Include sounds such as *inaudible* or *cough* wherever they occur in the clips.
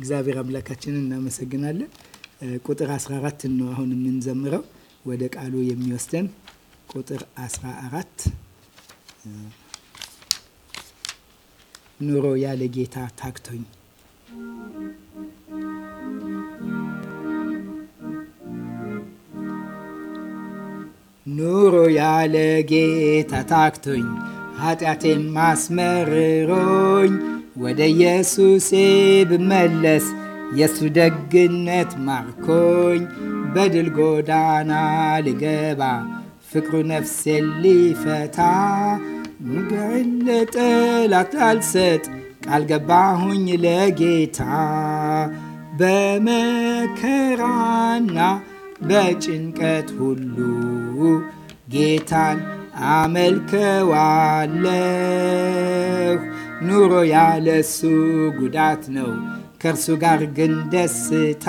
እግዚአብሔር አምላካችንን እናመሰግናለን። ቁጥር 14 ነው አሁን የምንዘምረው። ወደ ቃሉ የሚወስደን ቁጥር 14 ኑሮ ያለ ጌታ ታክቶኝ ኑሮ ያለ ጌታ ታክቶኝ ኃጢአቴም ማስመርሮኝ ወደ ኢየሱሴ ብመለስ የሱ ደግነት ማርኮኝ በድል ጎዳና ልገባ ፍቅሩ ነፍሴ ሊፈታ ምግዕን ለጠላት አልሰጥ ቃል ገባሁኝ ለጌታ በመከራና በጭንቀት ሁሉ ጌታን አመልከዋለሁ። ኑሮ ያለሱ ጉዳት ነው። ከእርሱ ጋር ግን ደስታ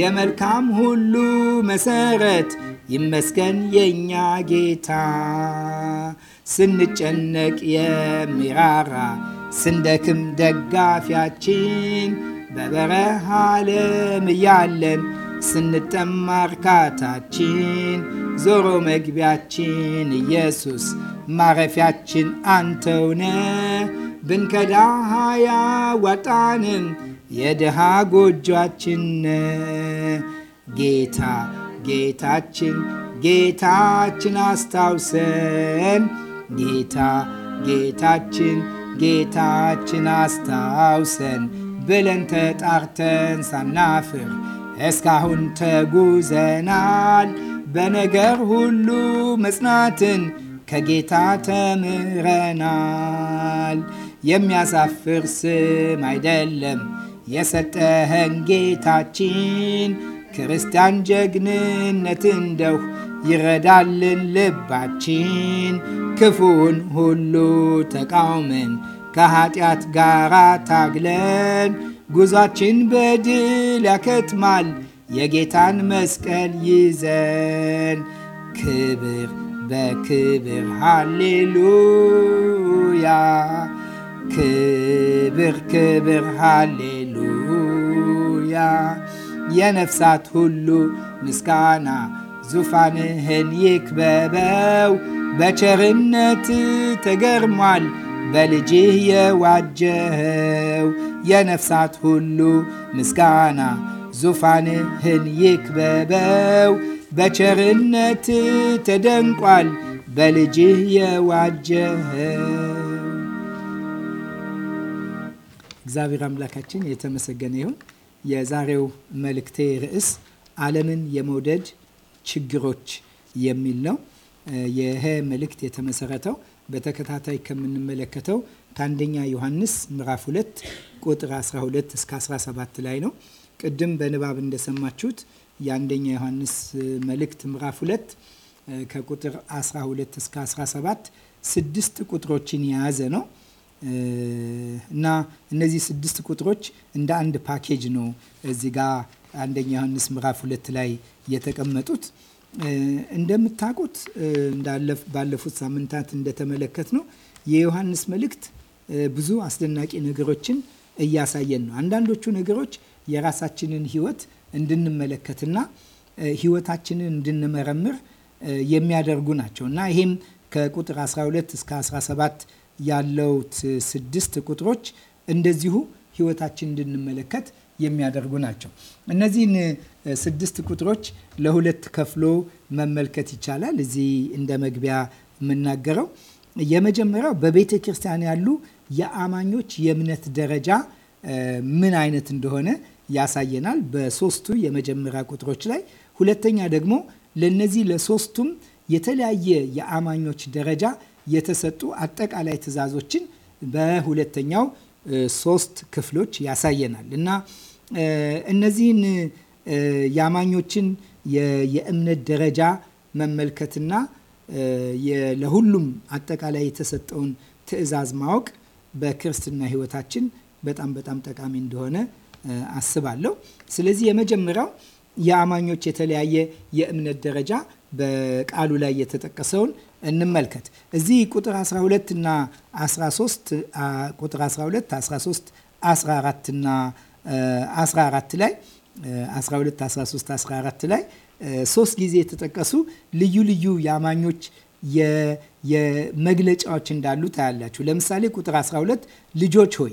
የመልካም ሁሉ መሰረት ይመስገን የእኛ ጌታ። ስንጨነቅ የሚራራ ስንደክም ደጋፊያችን በበረሃ ዓለም እያለን ስንጠማ እርካታችን ዞሮ መግቢያችን ኢየሱስ ማረፊያችን አንተውነ ብንከዳ ያዋጣንም የድሃ ጎጇችን ጌታ ጌታችን ጌታችን አስታውሰን ጌታ ጌታችን ጌታችን አስታውሰን ብለን ተጣርተን ሳናፍር እስካሁን ተጉዘናል በነገር ሁሉ መጽናትን ከጌታ ተምረናል። የሚያሳፍር ስም አይደለም የሰጠኸን ጌታችን፣ ክርስቲያን ጀግንነት እንደው ይረዳልን ልባችን። ክፉውን ሁሉ ተቃውመን ከኃጢአት ጋር ታግለን ጉዟችን በድል ያከትማል የጌታን መስቀል ይዘን ክብር በክብር ሃሌሉያ ክብር ክብር ሃሌሉያ የነፍሳት ሁሉ ምስጋና ዙፋንህን ይክበበው በቸርነት ተገርሟል በልጅህ የዋጀኸው የነፍሳት ሁሉ ምስጋና ዙፋንህን ይክበበው። በቸርነት ተደንቋል በልጅህ የዋጀኸው። እግዚአብሔር አምላካችን የተመሰገነ ይሁን። የዛሬው መልእክቴ ርዕስ ዓለምን የመውደድ ችግሮች የሚል ነው። ይሄ መልእክት የተመሰረተው በተከታታይ ከምንመለከተው ከአንደኛ ዮሐንስ ምዕራፍ 2 ቁጥር 12 እስከ 17 ላይ ነው። ቅድም በንባብ እንደሰማችሁት የአንደኛ ዮሐንስ መልእክት ምዕራፍ 2 ከቁጥር 12 እስከ 17 ስድስት ቁጥሮችን የያዘ ነው እና እነዚህ ስድስት ቁጥሮች እንደ አንድ ፓኬጅ ነው እዚህ ጋር አንደኛ ዮሐንስ ምዕራፍ 2 ላይ የተቀመጡት እንደምታውቁት ባለፉት ሳምንታት እንደተመለከት ነው የዮሐንስ መልእክት ብዙ አስደናቂ ነገሮችን እያሳየን ነው። አንዳንዶቹ ነገሮች የራሳችንን ህይወት እንድንመለከትና ህይወታችንን እንድንመረምር የሚያደርጉ ናቸው እና ይሄም ከቁጥር 12 እስከ 17 ያለውት ስድስት ቁጥሮች እንደዚሁ ህይወታችን እንድንመለከት የሚያደርጉ ናቸው። እነዚህን ስድስት ቁጥሮች ለሁለት ከፍሎ መመልከት ይቻላል። እዚህ እንደ መግቢያ የምናገረው የመጀመሪያው በቤተ ክርስቲያን ያሉ የአማኞች የእምነት ደረጃ ምን አይነት እንደሆነ ያሳየናል በሶስቱ የመጀመሪያ ቁጥሮች ላይ። ሁለተኛ ደግሞ ለነዚህ ለሶስቱም የተለያየ የአማኞች ደረጃ የተሰጡ አጠቃላይ ትእዛዞችን በሁለተኛው ሶስት ክፍሎች ያሳየናል እና እነዚህን የአማኞችን የእምነት ደረጃ መመልከትና ለሁሉም አጠቃላይ የተሰጠውን ትዕዛዝ ማወቅ በክርስትና ሕይወታችን በጣም በጣም ጠቃሚ እንደሆነ አስባለሁ። ስለዚህ የመጀመሪያው የአማኞች የተለያየ የእምነት ደረጃ በቃሉ ላይ የተጠቀሰውን እንመልከት። እዚህ ቁጥር 12 እና 13 ቁጥር 12፣ 13፣ 14 እና 14 ላይ 12፣ 13፣ 14 ላይ ሶስት ጊዜ የተጠቀሱ ልዩ ልዩ የአማኞች የመግለጫዎች እንዳሉ ታያላችሁ። ለምሳሌ ቁጥር 12 ልጆች ሆይ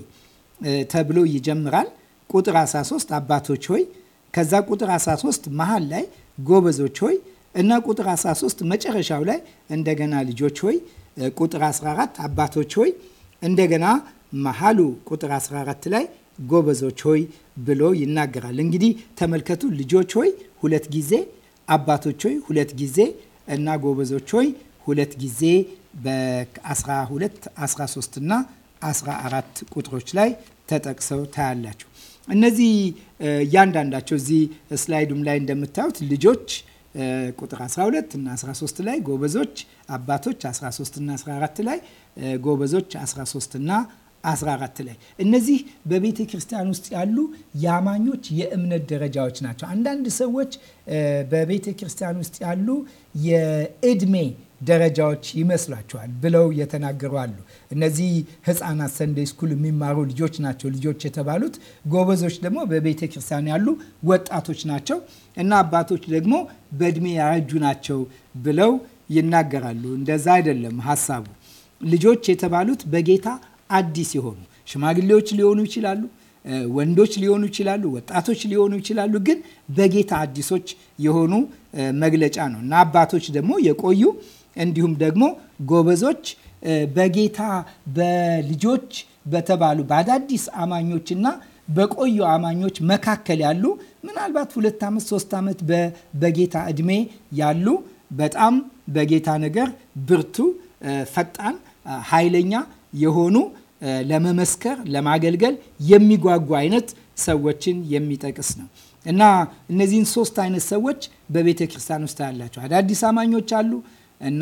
ተብሎ ይጀምራል። ቁጥር 13 አባቶች ሆይ፣ ከዛ ቁጥር 13 መሀል ላይ ጎበዞች ሆይ እና ቁጥር 13 መጨረሻው ላይ እንደገና ልጆች ሆይ፣ ቁጥር 14 አባቶች ሆይ፣ እንደገና መሃሉ ቁጥር 14 ላይ ጎበዞች ሆይ ብሎ ይናገራል። እንግዲህ ተመልከቱ፣ ልጆች ሆይ ሁለት ጊዜ፣ አባቶች ሆይ ሁለት ጊዜ እና ጎበዞች ሆይ ሁለት ጊዜ በ12፣ 13 እና 14 ቁጥሮች ላይ ተጠቅሰው ታያላችሁ። እነዚህ እያንዳንዳቸው እዚህ ስላይዱም ላይ እንደምታዩት ልጆች ቁጥር 12 እና 13 ላይ ጎበዞች አባቶች 13 እና 14 ላይ ጎበዞች 13 እና 14 ላይ እነዚህ በቤተ ክርስቲያን ውስጥ ያሉ የአማኞች የእምነት ደረጃዎች ናቸው። አንዳንድ ሰዎች በቤተ ክርስቲያን ውስጥ ያሉ የእድሜ ደረጃዎች ይመስላቸዋል ብለው የተናገሩ አሉ። እነዚህ ህፃናት ሰንደይ ስኩል የሚማሩ ልጆች ናቸው ልጆች የተባሉት። ጎበዞች ደግሞ በቤተ ክርስቲያን ያሉ ወጣቶች ናቸው። እና አባቶች ደግሞ በእድሜ ያረጁ ናቸው ብለው ይናገራሉ። እንደዛ አይደለም ሀሳቡ። ልጆች የተባሉት በጌታ አዲስ የሆኑ ሽማግሌዎች ሊሆኑ ይችላሉ፣ ወንዶች ሊሆኑ ይችላሉ፣ ወጣቶች ሊሆኑ ይችላሉ። ግን በጌታ አዲሶች የሆኑ መግለጫ ነው እና አባቶች ደግሞ የቆዩ እንዲሁም ደግሞ ጎበዞች በጌታ በልጆች በተባሉ በአዳዲስ አማኞችና በቆዩ አማኞች መካከል ያሉ ምናልባት ሁለት ዓመት ሶስት ዓመት በጌታ እድሜ ያሉ በጣም በጌታ ነገር ብርቱ፣ ፈጣን፣ ኃይለኛ የሆኑ ለመመስከር ለማገልገል የሚጓጉ አይነት ሰዎችን የሚጠቅስ ነው እና እነዚህን ሶስት አይነት ሰዎች በቤተ ክርስቲያን ውስጥ ያላቸው አዳዲስ አማኞች አሉ እና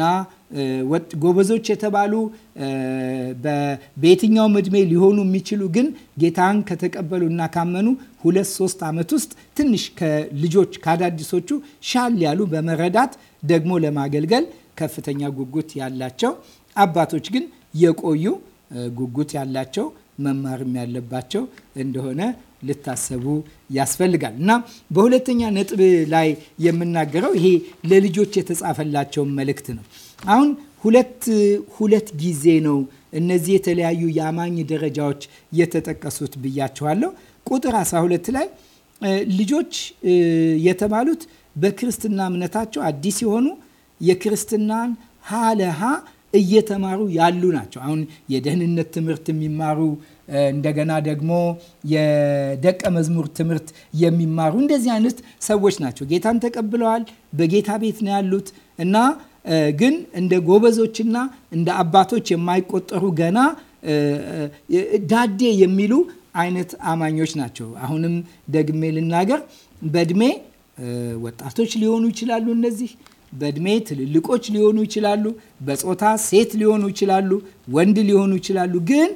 ጎበዞች የተባሉ በየትኛውም እድሜ ሊሆኑ የሚችሉ ግን ጌታን ከተቀበሉ እና ካመኑ ሁለት ሶስት ዓመት ውስጥ ትንሽ ከልጆች ከአዳዲሶቹ ሻል ያሉ በመረዳት ደግሞ ለማገልገል ከፍተኛ ጉጉት ያላቸው አባቶች ግን የቆዩ ጉጉት ያላቸው መማርም ያለባቸው እንደሆነ ልታሰቡ ያስፈልጋል እና በሁለተኛ ነጥብ ላይ የምናገረው ይሄ ለልጆች የተጻፈላቸውን መልእክት ነው። አሁን ሁለት ሁለት ጊዜ ነው እነዚህ የተለያዩ የአማኝ ደረጃዎች የተጠቀሱት ብያቸዋለሁ። ቁጥር 12 ላይ ልጆች የተባሉት በክርስትና እምነታቸው አዲስ የሆኑ የክርስትናን ሀለሃ እየተማሩ ያሉ ናቸው። አሁን የደህንነት ትምህርት የሚማሩ እንደገና ደግሞ የደቀ መዝሙር ትምህርት የሚማሩ እንደዚህ አይነት ሰዎች ናቸው። ጌታን ተቀብለዋል። በጌታ ቤት ነው ያሉት እና ግን እንደ ጎበዞችና እንደ አባቶች የማይቆጠሩ ገና ዳዴ የሚሉ አይነት አማኞች ናቸው። አሁንም ደግሜ ልናገር፣ በእድሜ ወጣቶች ሊሆኑ ይችላሉ። እነዚህ በእድሜ ትልልቆች ሊሆኑ ይችላሉ። በጾታ ሴት ሊሆኑ ይችላሉ፣ ወንድ ሊሆኑ ይችላሉ። ግን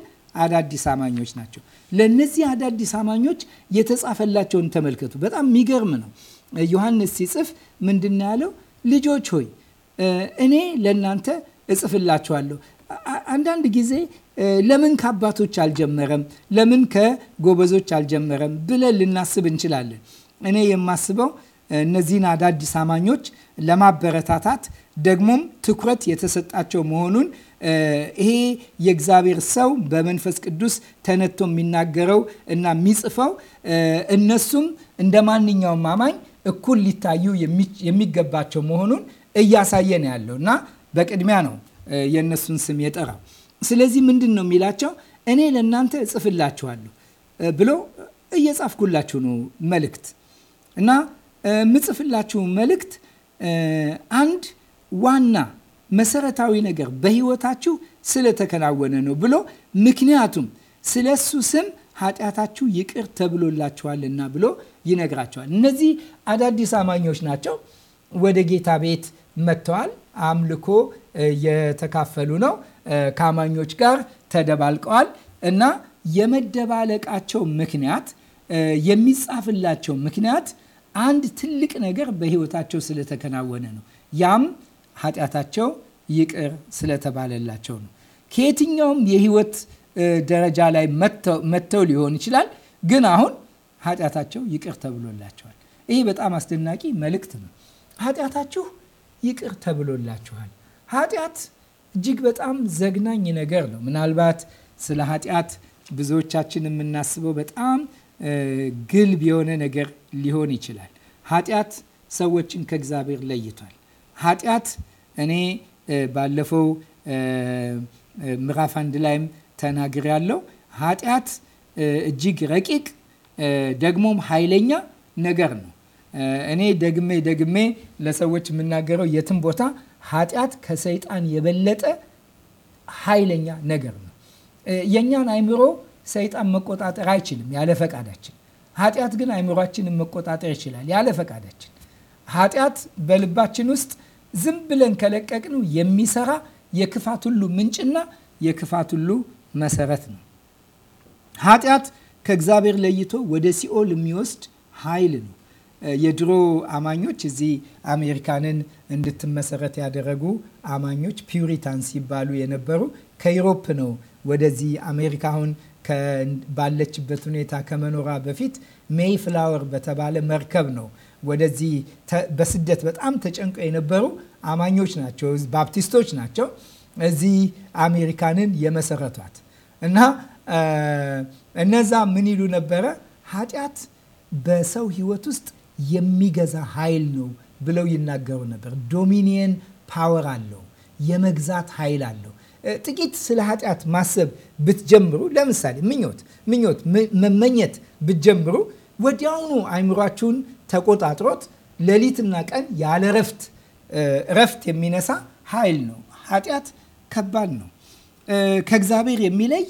አዳዲስ አማኞች ናቸው። ለእነዚህ አዳዲስ አማኞች የተጻፈላቸውን ተመልከቱ። በጣም የሚገርም ነው። ዮሐንስ ሲጽፍ ምንድን ነው ያለው? ልጆች ሆይ እኔ ለእናንተ እጽፍላችኋለሁ። አንዳንድ ጊዜ ለምን ከአባቶች አልጀመረም፣ ለምን ከጎበዞች አልጀመረም ብለን ልናስብ እንችላለን። እኔ የማስበው እነዚህን አዳዲስ አማኞች ለማበረታታት ደግሞም ትኩረት የተሰጣቸው መሆኑን ይሄ የእግዚአብሔር ሰው በመንፈስ ቅዱስ ተነቶ የሚናገረው እና የሚጽፈው እነሱም እንደ ማንኛውም አማኝ እኩል ሊታዩ የሚገባቸው መሆኑን እያሳየን ያለው እና በቅድሚያ ነው የእነሱን ስም የጠራው። ስለዚህ ምንድን ነው የሚላቸው? እኔ ለእናንተ እጽፍላችኋለሁ ብሎ እየጻፍኩላችሁ ነው መልእክት እና ምጽፍላችሁ መልእክት አንድ ዋና መሰረታዊ ነገር በህይወታችሁ ስለተከናወነ ነው ብሎ ምክንያቱም ስለ እሱ ስም ኃጢአታችሁ ይቅር ተብሎላችኋልና ብሎ ይነግራቸዋል። እነዚህ አዳዲስ አማኞች ናቸው። ወደ ጌታ ቤት መጥተዋል። አምልኮ የተካፈሉ ነው። ከአማኞች ጋር ተደባልቀዋል እና የመደባለቃቸው ምክንያት የሚጻፍላቸው ምክንያት አንድ ትልቅ ነገር በህይወታቸው ስለተከናወነ ነው። ያም ኃጢአታቸው ይቅር ስለተባለላቸው ነው። ከየትኛውም የህይወት ደረጃ ላይ መጥተው ሊሆን ይችላል፣ ግን አሁን ኃጢአታቸው ይቅር ተብሎላቸዋል። ይሄ በጣም አስደናቂ መልእክት ነው። ኃጢአታችሁ ይቅር ተብሎላችኋል። ኃጢአት እጅግ በጣም ዘግናኝ ነገር ነው። ምናልባት ስለ ኃጢአት ብዙዎቻችን የምናስበው በጣም ግልብ የሆነ ነገር ሊሆን ይችላል። ኃጢአት ሰዎችን ከእግዚአብሔር ለይቷል። ኃጢአት እኔ ባለፈው ምዕራፍ አንድ ላይም ተናግር ያለው ኃጢአት እጅግ ረቂቅ ደግሞም ኃይለኛ ነገር ነው። እኔ ደግሜ ደግሜ ለሰዎች የምናገረው የትም ቦታ ኃጢአት ከሰይጣን የበለጠ ኃይለኛ ነገር ነው። የእኛን አይምሮ ሰይጣን መቆጣጠር አይችልም ያለ ፈቃዳችን። ኃጢአት ግን አይምሯችንን መቆጣጠር ይችላል ያለ ፈቃዳችን። ኃጢአት በልባችን ውስጥ ዝም ብለን ከለቀቅነው የሚሰራ የክፋት ሁሉ ምንጭና የክፋት ሁሉ መሰረት ነው። ኃጢአት ከእግዚአብሔር ለይቶ ወደ ሲኦል የሚወስድ ኃይል ነው። የድሮ አማኞች እዚህ አሜሪካንን እንድትመሰረት ያደረጉ አማኞች ፒውሪታን ሲባሉ የነበሩ ከዩሮፕ ነው ወደዚህ አሜሪካ አሁን ባለችበት ሁኔታ ከመኖሯ በፊት ሜይ ፍላወር በተባለ መርከብ ነው ወደዚህ በስደት በጣም ተጨንቀው የነበሩ አማኞች ናቸው። ባፕቲስቶች ናቸው። እዚህ አሜሪካንን የመሰረቷት እና እነዛ ምን ይሉ ነበረ ኃጢአት በሰው ህይወት ውስጥ የሚገዛ ኃይል ነው ብለው ይናገሩ ነበር። ዶሚኒየን ፓወር አለው፣ የመግዛት ኃይል አለው። ጥቂት ስለ ኃጢአት ማሰብ ብትጀምሩ፣ ለምሳሌ ምኞት ምኞት መመኘት ብትጀምሩ፣ ወዲያውኑ አይምሯችሁን ተቆጣጥሮት ሌሊትና ቀን ያለ ረፍት ረፍት የሚነሳ ኃይል ነው። ኃጢአት ከባድ ነው። ከእግዚአብሔር የሚለይ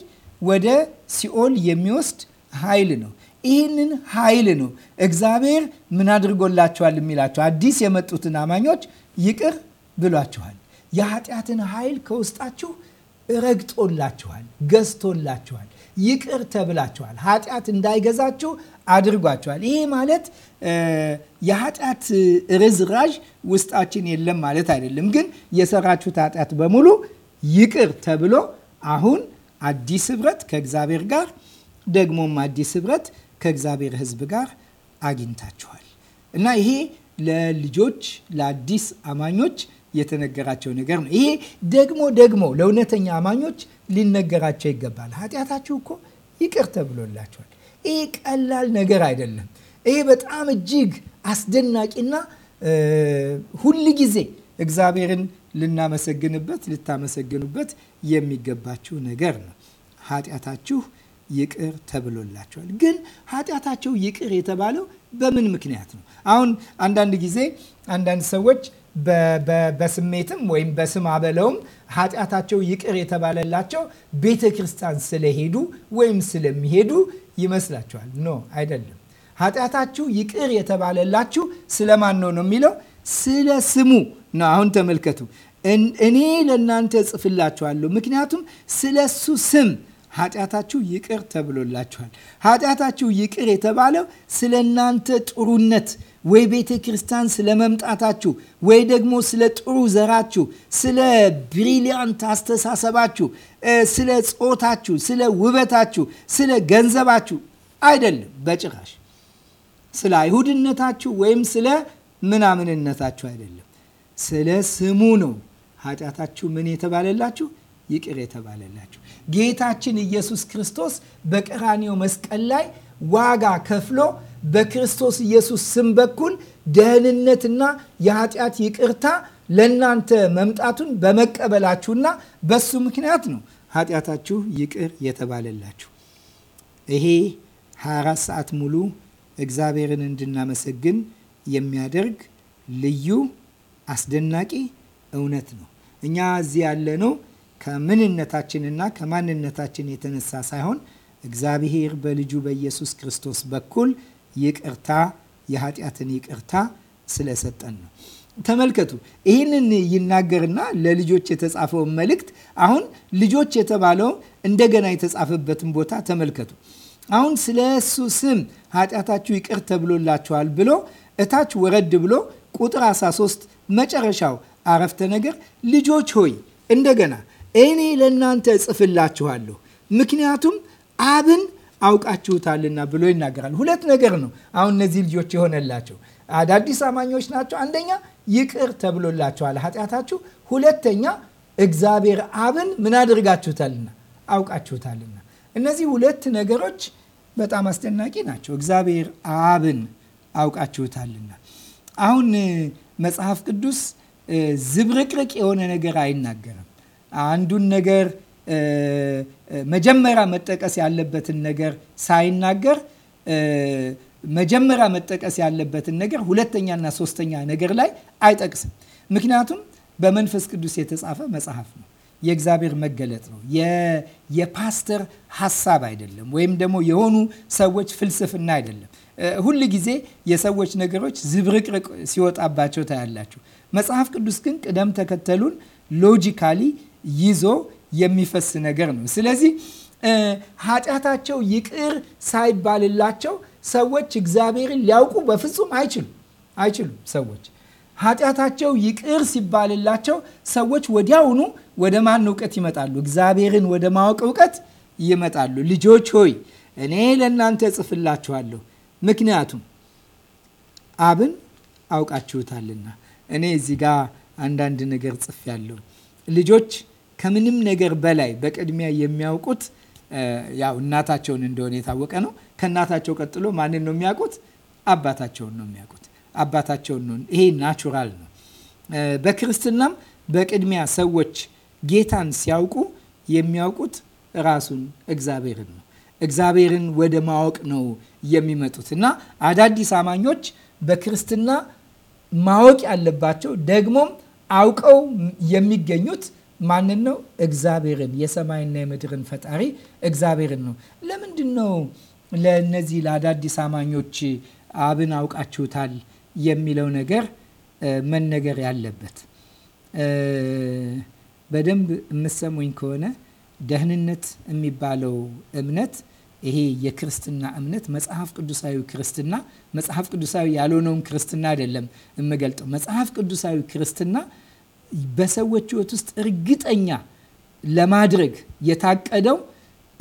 ወደ ሲኦል የሚወስድ ኃይል ነው። ይህንን ኃይል ነው እግዚአብሔር ምን አድርጎላቸዋል የሚላቸው አዲስ የመጡትን አማኞች ይቅር ብሏችኋል። የኃጢአትን ኃይል ከውስጣችሁ ረግጦላችኋል፣ ገዝቶላችኋል፣ ይቅር ተብላችኋል። ኃጢአት እንዳይገዛችሁ አድርጓችኋል። ይሄ ማለት የኃጢአት ርዝራዥ ውስጣችን የለም ማለት አይደለም። ግን የሰራችሁት ኃጢአት በሙሉ ይቅር ተብሎ አሁን አዲስ ህብረት ከእግዚአብሔር ጋር ደግሞም አዲስ ህብረት ከእግዚአብሔር ሕዝብ ጋር አግኝታችኋል እና ይሄ ለልጆች ለአዲስ አማኞች የተነገራቸው ነገር ነው። ይሄ ደግሞ ደግሞ ለእውነተኛ አማኞች ሊነገራቸው ይገባል። ኃጢአታችሁ እኮ ይቅር ተብሎላችኋል። ይሄ ቀላል ነገር አይደለም። ይሄ በጣም እጅግ አስደናቂና ሁል ጊዜ እግዚአብሔርን ልናመሰግንበት ልታመሰግኑበት የሚገባችሁ ነገር ነው። ኃጢአታችሁ ይቅር ተብሎላቸዋል። ግን ኃጢአታቸው ይቅር የተባለው በምን ምክንያት ነው? አሁን አንዳንድ ጊዜ አንዳንድ ሰዎች በስሜትም ወይም በስም አበለውም ኃጢአታቸው ይቅር የተባለላቸው ቤተ ክርስቲያን ስለሄዱ ወይም ስለሚሄዱ ይመስላቸዋል። ኖ አይደለም። ኃጢአታችሁ ይቅር የተባለላችሁ ስለማን ነው ነው የሚለው ስለ ስሙ ነው። አሁን ተመልከቱ። እኔ ለእናንተ ጽፍላችኋለሁ ምክንያቱም ስለ እሱ ስም ኃጢአታችሁ ይቅር ተብሎላችኋል። ኃጢአታችሁ ይቅር የተባለው ስለ እናንተ ጥሩነት ወይ ቤተ ክርስቲያን ስለ መምጣታችሁ ወይ ደግሞ ስለ ጥሩ ዘራችሁ፣ ስለ ብሪሊያንት አስተሳሰባችሁ፣ ስለ ጾታችሁ፣ ስለ ውበታችሁ፣ ስለ ገንዘባችሁ አይደለም፣ በጭራሽ ስለ አይሁድነታችሁ ወይም ስለ ምናምንነታችሁ አይደለም። ስለ ስሙ ነው ኃጢአታችሁ ምን የተባለላችሁ ይቅር የተባለላችሁ ጌታችን ኢየሱስ ክርስቶስ በቀራኒው መስቀል ላይ ዋጋ ከፍሎ በክርስቶስ ኢየሱስ ስም በኩል ደህንነትና የኃጢአት ይቅርታ ለእናንተ መምጣቱን በመቀበላችሁና በሱ ምክንያት ነው ኃጢአታችሁ ይቅር የተባለላችሁ። ይሄ 24 ሰዓት ሙሉ እግዚአብሔርን እንድናመሰግን የሚያደርግ ልዩ አስደናቂ እውነት ነው። እኛ እዚህ ያለ ነው ከምንነታችንና ከማንነታችን የተነሳ ሳይሆን እግዚአብሔር በልጁ በኢየሱስ ክርስቶስ በኩል ይቅርታ የኃጢአትን ይቅርታ ስለሰጠን ነው። ተመልከቱ፣ ይህንን ይናገርና ለልጆች የተጻፈውን መልእክት አሁን ልጆች የተባለው እንደገና የተጻፈበትን ቦታ ተመልከቱ። አሁን ስለ እሱ ስም ኃጢአታችሁ ይቅር ተብሎላችኋል ብሎ እታች ወረድ ብሎ ቁጥር 13 መጨረሻው አረፍተ ነገር ልጆች ሆይ እንደገና እኔ ለእናንተ እጽፍላችኋለሁ ምክንያቱም አብን አውቃችሁታልና ብሎ ይናገራል። ሁለት ነገር ነው አሁን እነዚህ ልጆች የሆነላቸው አዳዲስ አማኞች ናቸው። አንደኛ ይቅር ተብሎላችኋል ኃጢአታችሁ፣ ሁለተኛ እግዚአብሔር አብን ምን አድርጋችሁታልና አውቃችሁታልና። እነዚህ ሁለት ነገሮች በጣም አስደናቂ ናቸው። እግዚአብሔር አብን አውቃችሁታልና። አሁን መጽሐፍ ቅዱስ ዝብርቅርቅ የሆነ ነገር አይናገርም። አንዱን ነገር መጀመሪያ መጠቀስ ያለበትን ነገር ሳይናገር መጀመሪያ መጠቀስ ያለበትን ነገር ሁለተኛና ሶስተኛ ነገር ላይ አይጠቅስም። ምክንያቱም በመንፈስ ቅዱስ የተጻፈ መጽሐፍ ነው። የእግዚአብሔር መገለጥ ነው። የፓስተር ሀሳብ አይደለም፣ ወይም ደግሞ የሆኑ ሰዎች ፍልስፍና አይደለም። ሁል ጊዜ የሰዎች ነገሮች ዝብርቅርቅ ሲወጣባቸው ታያላችሁ። መጽሐፍ ቅዱስ ግን ቅደም ተከተሉን ሎጂካሊ ይዞ የሚፈስ ነገር ነው። ስለዚህ ኃጢአታቸው ይቅር ሳይባልላቸው ሰዎች እግዚአብሔርን ሊያውቁ በፍጹም አይችሉም አይችሉም። ሰዎች ኃጢአታቸው ይቅር ሲባልላቸው ሰዎች ወዲያውኑ ወደ ማን እውቀት ይመጣሉ? እግዚአብሔርን ወደ ማወቅ እውቀት ይመጣሉ። ልጆች ሆይ እኔ ለእናንተ ጽፍላችኋለሁ፣ ምክንያቱም አብን አውቃችሁታልና። እኔ እዚህ ጋር አንዳንድ ነገር ጽፌያለሁ ልጆች ከምንም ነገር በላይ በቅድሚያ የሚያውቁት ያው እናታቸውን እንደሆነ የታወቀ ነው። ከእናታቸው ቀጥሎ ማንን ነው የሚያውቁት? አባታቸውን ነው የሚያውቁት። አባታቸውን ነው። ይሄ ናቹራል ነው። በክርስትናም በቅድሚያ ሰዎች ጌታን ሲያውቁ የሚያውቁት ራሱን እግዚአብሔርን ነው። እግዚአብሔርን ወደ ማወቅ ነው የሚመጡት እና አዳዲስ አማኞች በክርስትና ማወቅ ያለባቸው ደግሞም አውቀው የሚገኙት ማንን ነው? እግዚአብሔርን፣ የሰማይና የምድርን ፈጣሪ እግዚአብሔርን ነው። ለምንድን ነው ለእነዚህ ለአዳዲስ አማኞች አብን አውቃችሁታል የሚለው ነገር መነገር ያለበት? በደንብ የምሰሙኝ ከሆነ ደህንነት የሚባለው እምነት ይሄ የክርስትና እምነት መጽሐፍ ቅዱሳዊ ክርስትና መጽሐፍ ቅዱሳዊ ያልሆነውን ክርስትና አይደለም የምገልጠው። መጽሐፍ ቅዱሳዊ ክርስትና በሰዎች ህይወት ውስጥ እርግጠኛ ለማድረግ የታቀደው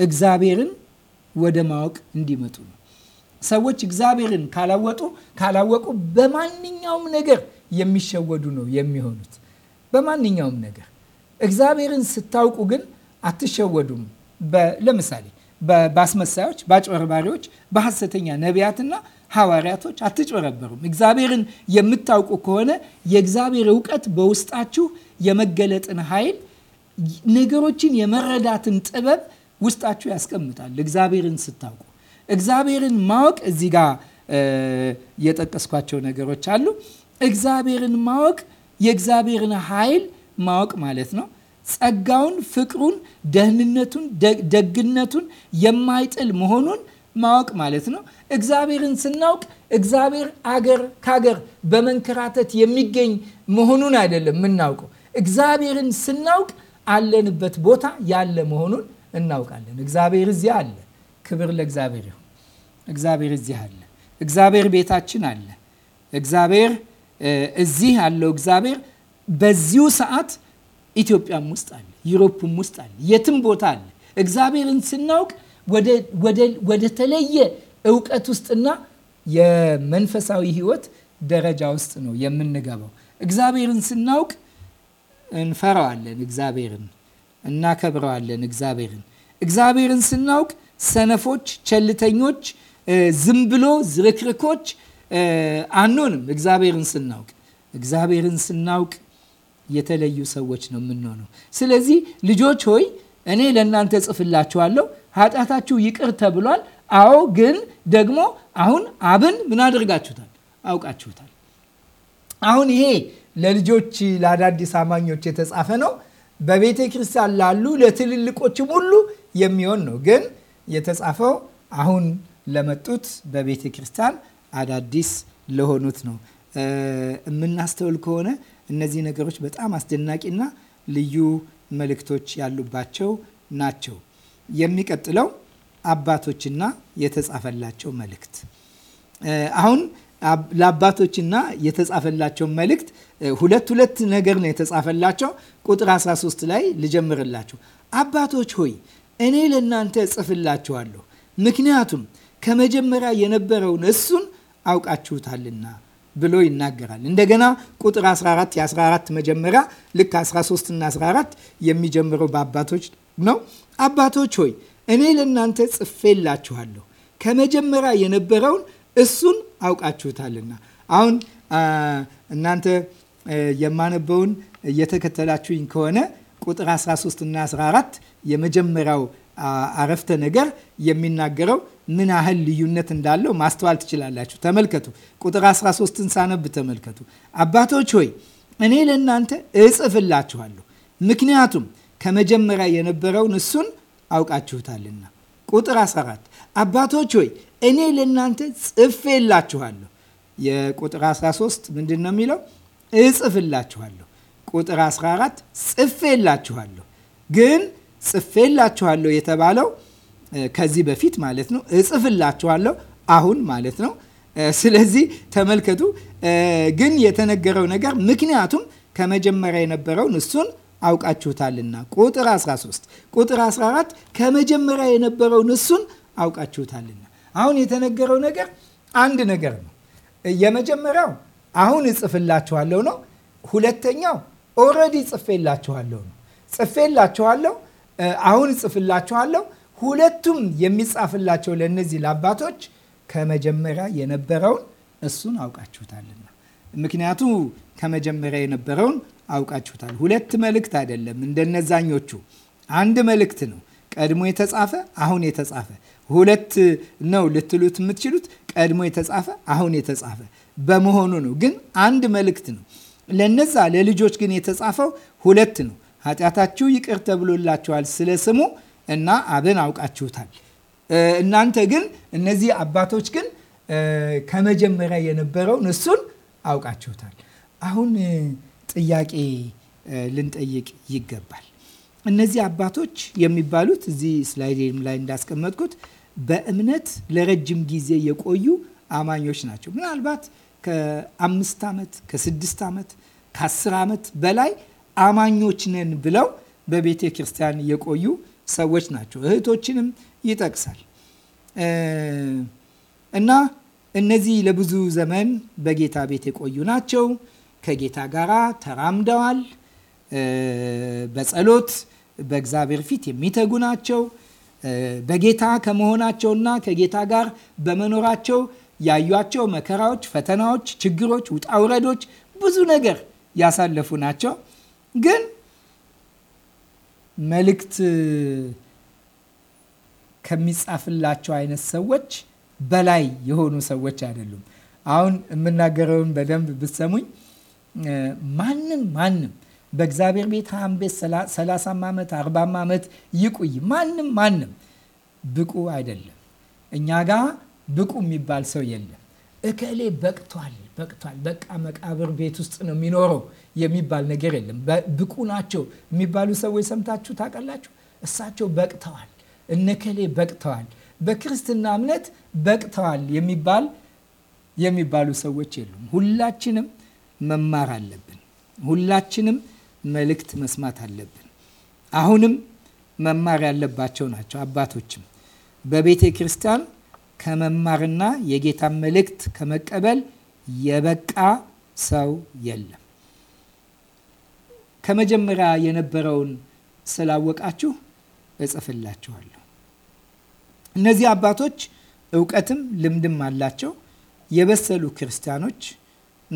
እግዚአብሔርን ወደ ማወቅ እንዲመጡ ነው። ሰዎች እግዚአብሔርን ካላወጡ ካላወቁ በማንኛውም ነገር የሚሸወዱ ነው የሚሆኑት። በማንኛውም ነገር እግዚአብሔርን ስታውቁ ግን አትሸወዱም። ለምሳሌ በአስመሳዮች፣ በአጭበርባሪዎች፣ በሐሰተኛ ነቢያትና ሐዋርያቶች አትጭበረበሩም። እግዚአብሔርን የምታውቁ ከሆነ የእግዚአብሔር እውቀት በውስጣችሁ የመገለጥን ኃይል፣ ነገሮችን የመረዳትን ጥበብ ውስጣችሁ ያስቀምጣል። እግዚአብሔርን ስታውቁ እግዚአብሔርን ማወቅ እዚህ ጋር የጠቀስኳቸው ነገሮች አሉ። እግዚአብሔርን ማወቅ የእግዚአብሔርን ኃይል ማወቅ ማለት ነው። ጸጋውን፣ ፍቅሩን፣ ደህንነቱን፣ ደግነቱን የማይጥል መሆኑን ማወቅ ማለት ነው። እግዚአብሔርን ስናውቅ እግዚአብሔር አገር ካገር በመንከራተት የሚገኝ መሆኑን አይደለም የምናውቀው። እግዚአብሔርን ስናውቅ አለንበት ቦታ ያለ መሆኑን እናውቃለን። እግዚአብሔር እዚያ አለ። ክብር ለእግዚአብሔር ይሁን። እግዚአብሔር እዚህ አለ። እግዚአብሔር ቤታችን አለ። እግዚአብሔር እዚህ ያለው እግዚአብሔር በዚሁ ሰዓት ኢትዮጵያም ውስጥ አለ፣ ዩሮፕም ውስጥ አለ፣ የትም ቦታ አለ። እግዚአብሔርን ስናውቅ ወደ ተለየ እውቀት ውስጥና የመንፈሳዊ ህይወት ደረጃ ውስጥ ነው የምንገባው። እግዚአብሔርን ስናውቅ እንፈራዋለን፣ እግዚአብሔርን እናከብረዋለን። እግዚአብሔርን እግዚአብሔርን ስናውቅ ሰነፎች፣ ቸልተኞች፣ ዝም ብሎ ዝርክርኮች አንሆንም። እግዚአብሔርን ስናውቅ እግዚአብሔርን ስናውቅ የተለዩ ሰዎች ነው የምንሆነው። ስለዚህ ልጆች ሆይ እኔ ለእናንተ ጽፍላችኋለሁ ኃጢአታችሁ ይቅር ተብሏል። አዎ ግን ደግሞ አሁን አብን ምን አድርጋችሁታል? አውቃችሁታል። አሁን ይሄ ለልጆች ለአዳዲስ አማኞች የተጻፈ ነው። በቤተ ክርስቲያን ላሉ ለትልልቆችም ሁሉ የሚሆን ነው። ግን የተጻፈው አሁን ለመጡት በቤተ ክርስቲያን አዳዲስ ለሆኑት ነው። የምናስተውል ከሆነ እነዚህ ነገሮች በጣም አስደናቂና ልዩ መልእክቶች ያሉባቸው ናቸው። የሚቀጥለው አባቶችና የተጻፈላቸው መልእክት። አሁን ለአባቶችና የተጻፈላቸው መልእክት ሁለት ሁለት ነገር ነው የተጻፈላቸው። ቁጥር 13 ላይ ልጀምርላችሁ። አባቶች ሆይ እኔ ለእናንተ እጽፍላችኋለሁ፣ ምክንያቱም ከመጀመሪያ የነበረውን እሱን አውቃችሁታልና ብሎ ይናገራል። እንደገና ቁጥር 14 የ14 መጀመሪያ ልክ 13 እና 14 የሚጀምረው በአባቶች ነው። አባቶች ሆይ እኔ ለእናንተ ጽፌላችኋለሁ ከመጀመሪያ የነበረውን እሱን አውቃችሁታልና። አሁን እናንተ የማነበውን እየተከተላችሁኝ ከሆነ ቁጥር 13 እና 14 የመጀመሪያው አረፍተ ነገር የሚናገረው ምን ያህል ልዩነት እንዳለው ማስተዋል ትችላላችሁ። ተመልከቱ። ቁጥር 13ን ሳነብ ተመልከቱ። አባቶች ሆይ እኔ ለእናንተ እጽፍላችኋለሁ ምክንያቱም ከመጀመሪያ የነበረውን እሱን አውቃችሁታልና። ቁጥር 14 አባቶች ሆይ እኔ ለእናንተ ጽፌላችኋለሁ። የቁጥር 13 ምንድን ነው የሚለው? እጽፍላችኋለሁ። ቁጥር 14 ጽፌላችኋለሁ። ግን ጽፌላችኋለሁ የተባለው ከዚህ በፊት ማለት ነው። እጽፍላችኋለሁ አሁን ማለት ነው። ስለዚህ ተመልከቱ፣ ግን የተነገረው ነገር ምክንያቱም ከመጀመሪያ የነበረውን እሱን አውቃችሁታልና። ቁጥር 13 ቁጥር 14 ከመጀመሪያ የነበረውን እሱን አውቃችሁታልና። አሁን የተነገረው ነገር አንድ ነገር ነው። የመጀመሪያው አሁን እጽፍላችኋለሁ ነው። ሁለተኛው ኦልሬዲ ጽፌላችኋለሁ ነው። ጽፌላችኋለሁ፣ አሁን እጽፍላችኋለሁ። ሁለቱም የሚጻፍላቸው ለእነዚህ ለአባቶች ከመጀመሪያ የነበረውን እሱን አውቃችሁታልና። ምክንያቱ ከመጀመሪያ የነበረውን አውቃችሁታል። ሁለት መልእክት አይደለም እንደነዛኞቹ አንድ መልእክት ነው። ቀድሞ የተጻፈ አሁን የተጻፈ ሁለት ነው ልትሉት የምትችሉት ቀድሞ የተጻፈ አሁን የተጻፈ በመሆኑ ነው። ግን አንድ መልእክት ነው። ለነዛ ለልጆች ግን የተጻፈው ሁለት ነው። ኃጢአታችሁ ይቅር ተብሎላችኋል ስለ ስሙ እና አብን አውቃችሁታል። እናንተ ግን እነዚህ አባቶች ግን ከመጀመሪያ የነበረውን እሱን አውቃችሁታል። አሁን ጥያቄ ልንጠይቅ ይገባል። እነዚህ አባቶች የሚባሉት እዚህ ስላይድም ላይ እንዳስቀመጥኩት በእምነት ለረጅም ጊዜ የቆዩ አማኞች ናቸው። ምናልባት ከአምስት ዓመት ከስድስት ዓመት ከአስር ዓመት በላይ አማኞች ነን ብለው በቤተ ክርስቲያን የቆዩ ሰዎች ናቸው። እህቶችንም ይጠቅሳል እና እነዚህ ለብዙ ዘመን በጌታ ቤት የቆዩ ናቸው። ከጌታ ጋር ተራምደዋል። በጸሎት በእግዚአብሔር ፊት የሚተጉ ናቸው። በጌታ ከመሆናቸውና ከጌታ ጋር በመኖራቸው ያዩቸው መከራዎች፣ ፈተናዎች፣ ችግሮች፣ ውጣውረዶች ብዙ ነገር ያሳለፉ ናቸው። ግን መልእክት ከሚጻፍላቸው አይነት ሰዎች በላይ የሆኑ ሰዎች አይደሉም። አሁን የምናገረውን በደንብ ብትሰሙኝ ማንም ማንም በእግዚአብሔር ቤት ሀያ ቤት ሰላሳም ዓመት አርባም ዓመት ይቁይ ማንም ማንም ብቁ አይደለም። እኛ ጋ ብቁ የሚባል ሰው የለም። እከሌ በቅቷል በቅቷል በቃ መቃብር ቤት ውስጥ ነው የሚኖረው የሚባል ነገር የለም። ብቁ ናቸው የሚባሉ ሰዎች ሰምታችሁ ታውቃላችሁ? እሳቸው በቅተዋል፣ እነከሌ በቅተዋል፣ በክርስትና እምነት በቅተዋል የሚባል የሚባሉ ሰዎች የሉም። ሁላችንም መማር አለብን። ሁላችንም መልእክት መስማት አለብን። አሁንም መማር ያለባቸው ናቸው። አባቶችም በቤተ ክርስቲያን ከመማርና የጌታን መልእክት ከመቀበል የበቃ ሰው የለም። ከመጀመሪያ የነበረውን ስላወቃችሁ እጽፍላችኋለሁ። እነዚህ አባቶች እውቀትም ልምድም አላቸው። የበሰሉ ክርስቲያኖች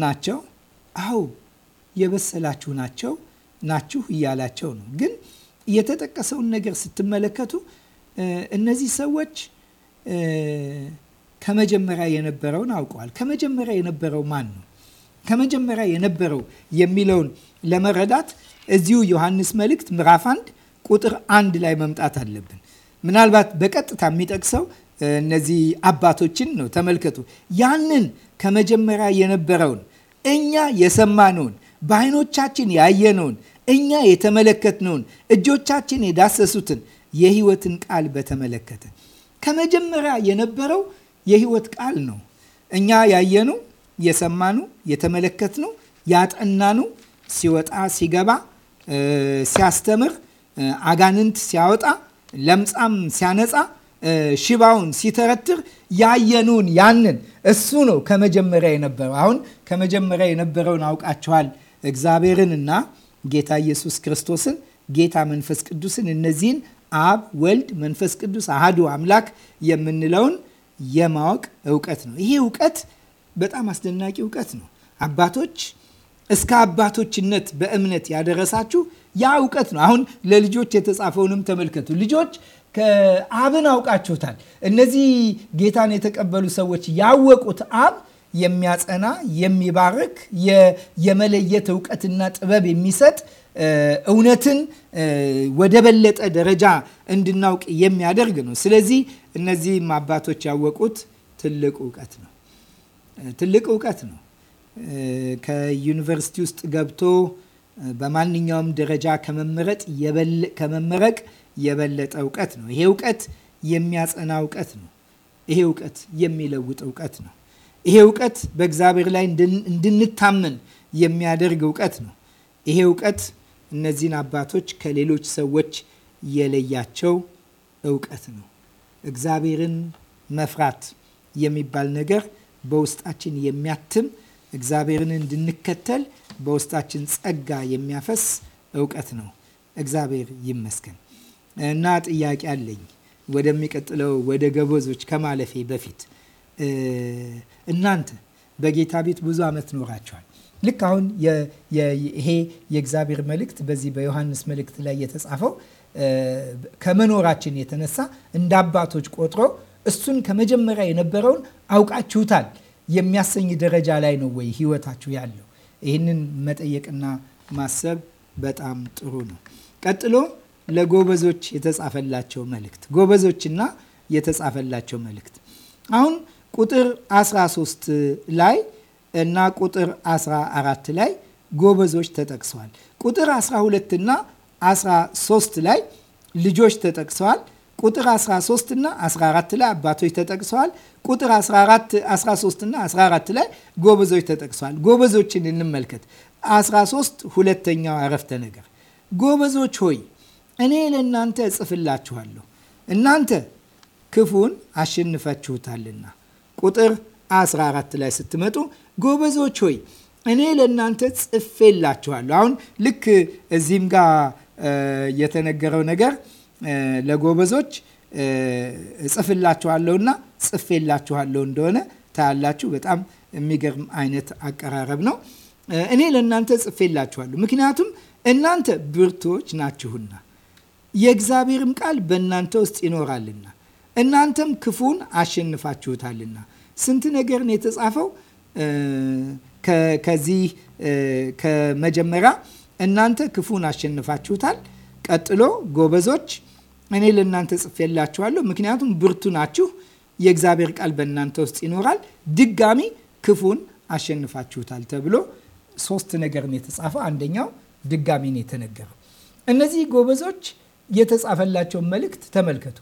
ናቸው። አው የበሰላችሁ ናቸው ናችሁ እያላቸው ነው። ግን የተጠቀሰውን ነገር ስትመለከቱ እነዚህ ሰዎች ከመጀመሪያ የነበረውን አውቀዋል። ከመጀመሪያ የነበረው ማን ነው? ከመጀመሪያ የነበረው የሚለውን ለመረዳት እዚሁ ዮሐንስ መልእክት ምዕራፍ አንድ ቁጥር አንድ ላይ መምጣት አለብን። ምናልባት በቀጥታ የሚጠቅሰው እነዚህ አባቶችን ነው። ተመልከቱ ያንን ከመጀመሪያ የነበረውን እኛ የሰማነውን በዓይኖቻችን ያየነውን እኛ የተመለከትነውን እጆቻችን የዳሰሱትን የህይወትን ቃል በተመለከተ ከመጀመሪያ የነበረው የህይወት ቃል ነው። እኛ ያየኑ፣ የሰማኑ፣ የተመለከትኑ፣ ያጠናኑ ሲወጣ ሲገባ፣ ሲያስተምር፣ አጋንንት ሲያወጣ፣ ለምጻም ሲያነጻ፣ ሽባውን ሲተረትር ያየኑን ያንን እሱ ነው ከመጀመሪያ የነበረው። አሁን ከመጀመሪያ የነበረውን አውቃችኋል እግዚአብሔርንና ጌታ ኢየሱስ ክርስቶስን ጌታ መንፈስ ቅዱስን እነዚህን አብ ወልድ መንፈስ ቅዱስ አህዱ አምላክ የምንለውን የማወቅ እውቀት ነው። ይሄ እውቀት በጣም አስደናቂ እውቀት ነው። አባቶች እስከ አባቶችነት በእምነት ያደረሳችሁ ያ እውቀት ነው። አሁን ለልጆች የተጻፈውንም ተመልከቱ። ልጆች አብን አውቃችሁታል። እነዚህ ጌታን የተቀበሉ ሰዎች ያወቁት አብ የሚያጸና የሚባርክ የመለየት እውቀትና ጥበብ የሚሰጥ እውነትን ወደ በለጠ ደረጃ እንድናውቅ የሚያደርግ ነው። ስለዚህ እነዚህም አባቶች ያወቁት ትልቅ እውቀት ነው። ትልቅ እውቀት ነው። ከዩኒቨርሲቲ ውስጥ ገብቶ በማንኛውም ደረጃ ከመመረጥ ከመመረቅ የበለጠ እውቀት ነው። ይሄ እውቀት የሚያጸና እውቀት ነው። ይሄ እውቀት የሚለውጥ እውቀት ነው። ይሄ እውቀት በእግዚአብሔር ላይ እንድንታመን የሚያደርግ እውቀት ነው። ይሄ እውቀት እነዚህን አባቶች ከሌሎች ሰዎች የለያቸው እውቀት ነው። እግዚአብሔርን መፍራት የሚባል ነገር በውስጣችን የሚያትም እግዚአብሔርን እንድንከተል በውስጣችን ጸጋ የሚያፈስ እውቀት ነው። እግዚአብሔር ይመስገን። እና ጥያቄ አለኝ ወደሚቀጥለው ወደ ገበዞች ከማለፌ በፊት እናንተ በጌታ ቤት ብዙ ዓመት ኖራችኋል። ልክ አሁን ይሄ የእግዚአብሔር መልእክት በዚህ በዮሐንስ መልእክት ላይ የተጻፈው ከመኖራችን የተነሳ እንደ አባቶች ቆጥሮ እሱን ከመጀመሪያ የነበረውን አውቃችሁታል የሚያሰኝ ደረጃ ላይ ነው ወይ ህይወታችሁ ያለው? ይህንን መጠየቅና ማሰብ በጣም ጥሩ ነው። ቀጥሎ ለጎበዞች የተጻፈላቸው መልእክት ጎበዞችና የተጻፈላቸው መልእክት አሁን ቁጥር 13 ላይ እና ቁጥር 14 ላይ ጎበዞች ተጠቅሰዋል። ቁጥር 12 እና 13 ላይ ልጆች ተጠቅሰዋል። ቁጥር 13 እና 14 ላይ አባቶች ተጠቅሰዋል። ቁጥር 14 13 እና 14 ላይ ጎበዞች ተጠቅሰዋል። ጎበዞችን እንመልከት። 13 ሁለተኛው አረፍተ ነገር ጎበዞች ሆይ እኔ ለእናንተ እጽፍላችኋለሁ እናንተ ክፉን አሸንፋችሁታልና። ቁጥር 14 ላይ ስትመጡ ጎበዞች ሆይ እኔ ለእናንተ ጽፌላችኋለሁ። አሁን ልክ እዚህም ጋር የተነገረው ነገር ለጎበዞች እጽፍላችኋለሁና ጽፌላችኋለሁ እንደሆነ ታያላችሁ። በጣም የሚገርም አይነት አቀራረብ ነው። እኔ ለእናንተ ጽፌላችኋለሁ ምክንያቱም እናንተ ብርቶች ናችሁና የእግዚአብሔርም ቃል በእናንተ ውስጥ ይኖራልና እናንተም ክፉን አሸንፋችሁታልና። ስንት ነገር ነው የተጻፈው ከዚህ ከመጀመሪያ እናንተ ክፉን አሸንፋችሁታል። ቀጥሎ ጎበዞች እኔ ለእናንተ ጽፌላችኋለሁ፣ ምክንያቱም ብርቱ ናችሁ፣ የእግዚአብሔር ቃል በእናንተ ውስጥ ይኖራል። ድጋሚ ክፉን አሸንፋችሁታል ተብሎ ሶስት ነገር ነው የተጻፈው። አንደኛው ድጋሚ ነው የተነገረው። እነዚህ ጎበዞች የተጻፈላቸውን መልእክት ተመልከቱ።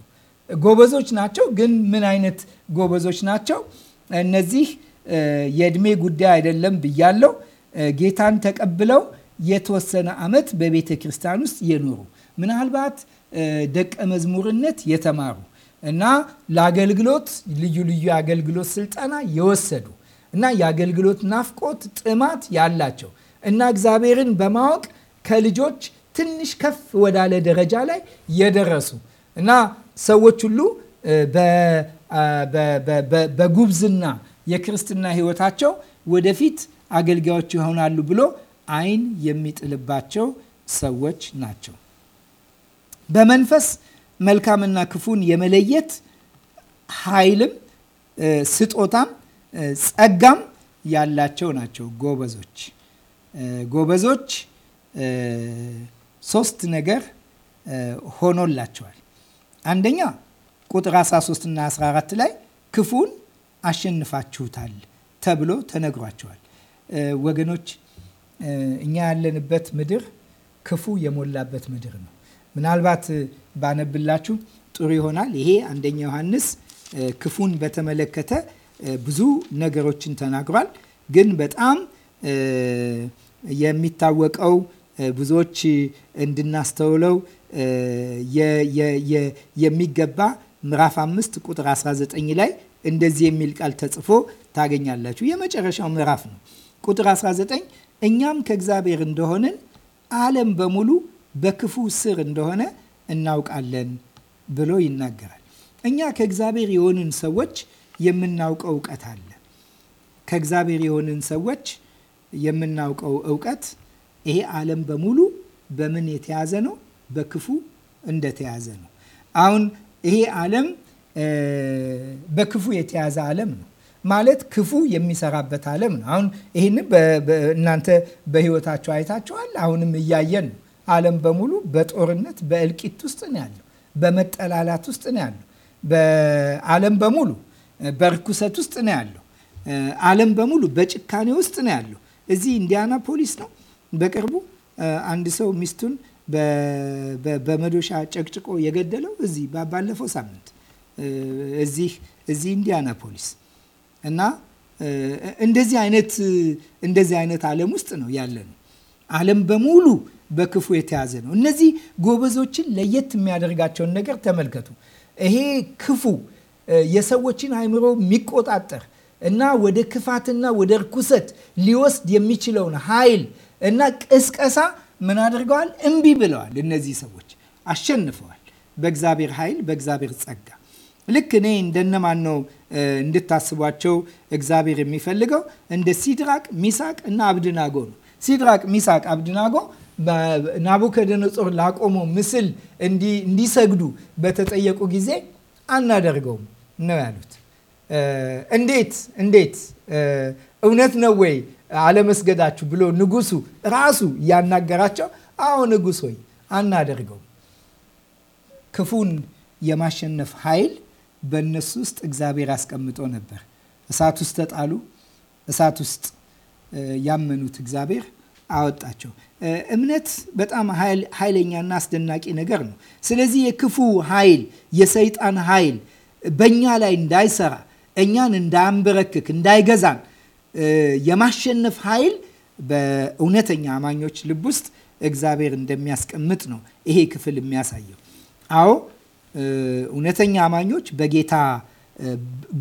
ጎበዞች ናቸው፣ ግን ምን አይነት ጎበዞች ናቸው? እነዚህ የእድሜ ጉዳይ አይደለም ብያለው። ጌታን ተቀብለው የተወሰነ ዓመት በቤተ ክርስቲያን ውስጥ የኖሩ ምናልባት ደቀ መዝሙርነት የተማሩ እና ለአገልግሎት ልዩ ልዩ የአገልግሎት ስልጠና የወሰዱ እና የአገልግሎት ናፍቆት ጥማት ያላቸው እና እግዚአብሔርን በማወቅ ከልጆች ትንሽ ከፍ ወዳለ ደረጃ ላይ የደረሱ እና ሰዎች ሁሉ በጉብዝና የክርስትና ህይወታቸው ወደፊት አገልጋዮች ይሆናሉ ብሎ አይን የሚጥልባቸው ሰዎች ናቸው። በመንፈስ መልካምና ክፉን የመለየት ኃይልም ስጦታም ጸጋም ያላቸው ናቸው። ጎበዞች ጎበዞች ሶስት ነገር ሆኖላቸዋል። አንደኛ ቁጥር 13 እና 14 ላይ ክፉን አሸንፋችሁታል ተብሎ ተነግሯቸዋል። ወገኖች እኛ ያለንበት ምድር ክፉ የሞላበት ምድር ነው። ምናልባት ባነብላችሁ ጥሩ ይሆናል። ይሄ አንደኛ ዮሐንስ ክፉን በተመለከተ ብዙ ነገሮችን ተናግሯል። ግን በጣም የሚታወቀው ብዙዎች እንድናስተውለው የሚገባ ምዕራፍ አምስት ቁጥር 19 ላይ እንደዚህ የሚል ቃል ተጽፎ ታገኛላችሁ። የመጨረሻው ምዕራፍ ነው። ቁጥር 19 እኛም ከእግዚአብሔር እንደሆንን ዓለም በሙሉ በክፉ ስር እንደሆነ እናውቃለን ብሎ ይናገራል። እኛ ከእግዚአብሔር የሆንን ሰዎች የምናውቀው እውቀት አለ። ከእግዚአብሔር የሆንን ሰዎች የምናውቀው እውቀት ይሄ ዓለም በሙሉ በምን የተያዘ ነው? በክፉ እንደተያዘ ነው። አሁን ይሄ ዓለም በክፉ የተያዘ ዓለም ነው ማለት ክፉ የሚሰራበት ዓለም ነው። አሁን ይህን እናንተ በህይወታቸው አይታችኋል። አሁንም እያየን ነው። ዓለም በሙሉ በጦርነት በእልቂት ውስጥ ነው ያለው። በመጠላላት ውስጥ ነው ያለው። በዓለም በሙሉ በርኩሰት ውስጥ ነው ያለው። ዓለም በሙሉ በጭካኔ ውስጥ ነው ያለው። እዚህ ኢንዲያናፖሊስ ነው በቅርቡ አንድ ሰው ሚስቱን በመዶሻ ጨቅጭቆ የገደለው እዚህ ባለፈው ሳምንት እዚህ እዚህ ኢንዲያናፖሊስ እና እንደዚህ አይነት እንደዚህ አይነት ዓለም ውስጥ ነው ያለ ነው። ዓለም በሙሉ በክፉ የተያዘ ነው። እነዚህ ጎበዞችን ለየት የሚያደርጋቸውን ነገር ተመልከቱ። ይሄ ክፉ የሰዎችን አይምሮ የሚቆጣጠር እና ወደ ክፋትና ወደ እርኩሰት ሊወስድ የሚችለውን ኃይል እና ቅስቀሳ ምን አድርገዋል? እምቢ ብለዋል። እነዚህ ሰዎች አሸንፈዋል። በእግዚአብሔር ኃይል፣ በእግዚአብሔር ጸጋ ልክ እኔ እንደነማን ነው እንድታስቧቸው እግዚአብሔር የሚፈልገው እንደ ሲድራቅ ሚሳቅ እና አብድናጎ ነው። ሲድራቅ ሚሳቅ አብድናጎ ናቡከደነጾር ላቆመው ምስል እንዲሰግዱ በተጠየቁ ጊዜ አናደርገውም ነው ያሉት። እንዴት እንዴት እውነት ነው ወይ አለመስገዳችሁ ብሎ ንጉሱ ራሱ እያናገራቸው፣ አዎ ንጉስ ሆይ አናደርገው። ክፉን የማሸነፍ ኃይል በእነሱ ውስጥ እግዚአብሔር አስቀምጦ ነበር። እሳት ውስጥ ተጣሉ። እሳት ውስጥ ያመኑት እግዚአብሔር አወጣቸው። እምነት በጣም ኃይለኛና አስደናቂ ነገር ነው። ስለዚህ የክፉ ኃይል የሰይጣን ኃይል በእኛ ላይ እንዳይሰራ፣ እኛን እንዳያንበረክክ፣ እንዳይገዛን የማሸነፍ ኃይል በእውነተኛ አማኞች ልብ ውስጥ እግዚአብሔር እንደሚያስቀምጥ ነው ይሄ ክፍል የሚያሳየው። አዎ እውነተኛ አማኞች በጌታ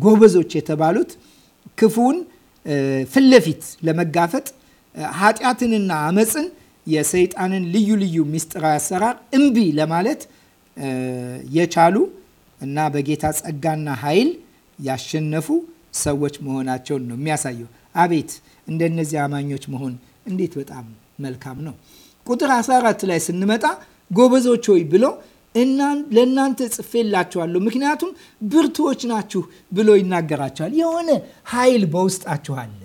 ጎበዞች የተባሉት ክፉን ፊት ለፊት ለመጋፈጥ ኃጢአትንና አመፅን የሰይጣንን ልዩ ልዩ ምስጢራዊ አሰራር እምቢ ለማለት የቻሉ እና በጌታ ጸጋና ኃይል ያሸነፉ ሰዎች መሆናቸውን ነው የሚያሳየው። አቤት እንደነዚህ አማኞች መሆን እንዴት በጣም መልካም ነው። ቁጥር 14 ላይ ስንመጣ ጎበዞች ሆይ ብሎ ለእናንተ ጽፌላችኋለሁ ምክንያቱም ብርቱዎች ናችሁ ብሎ ይናገራቸዋል። የሆነ ኃይል በውስጣችሁ አለ።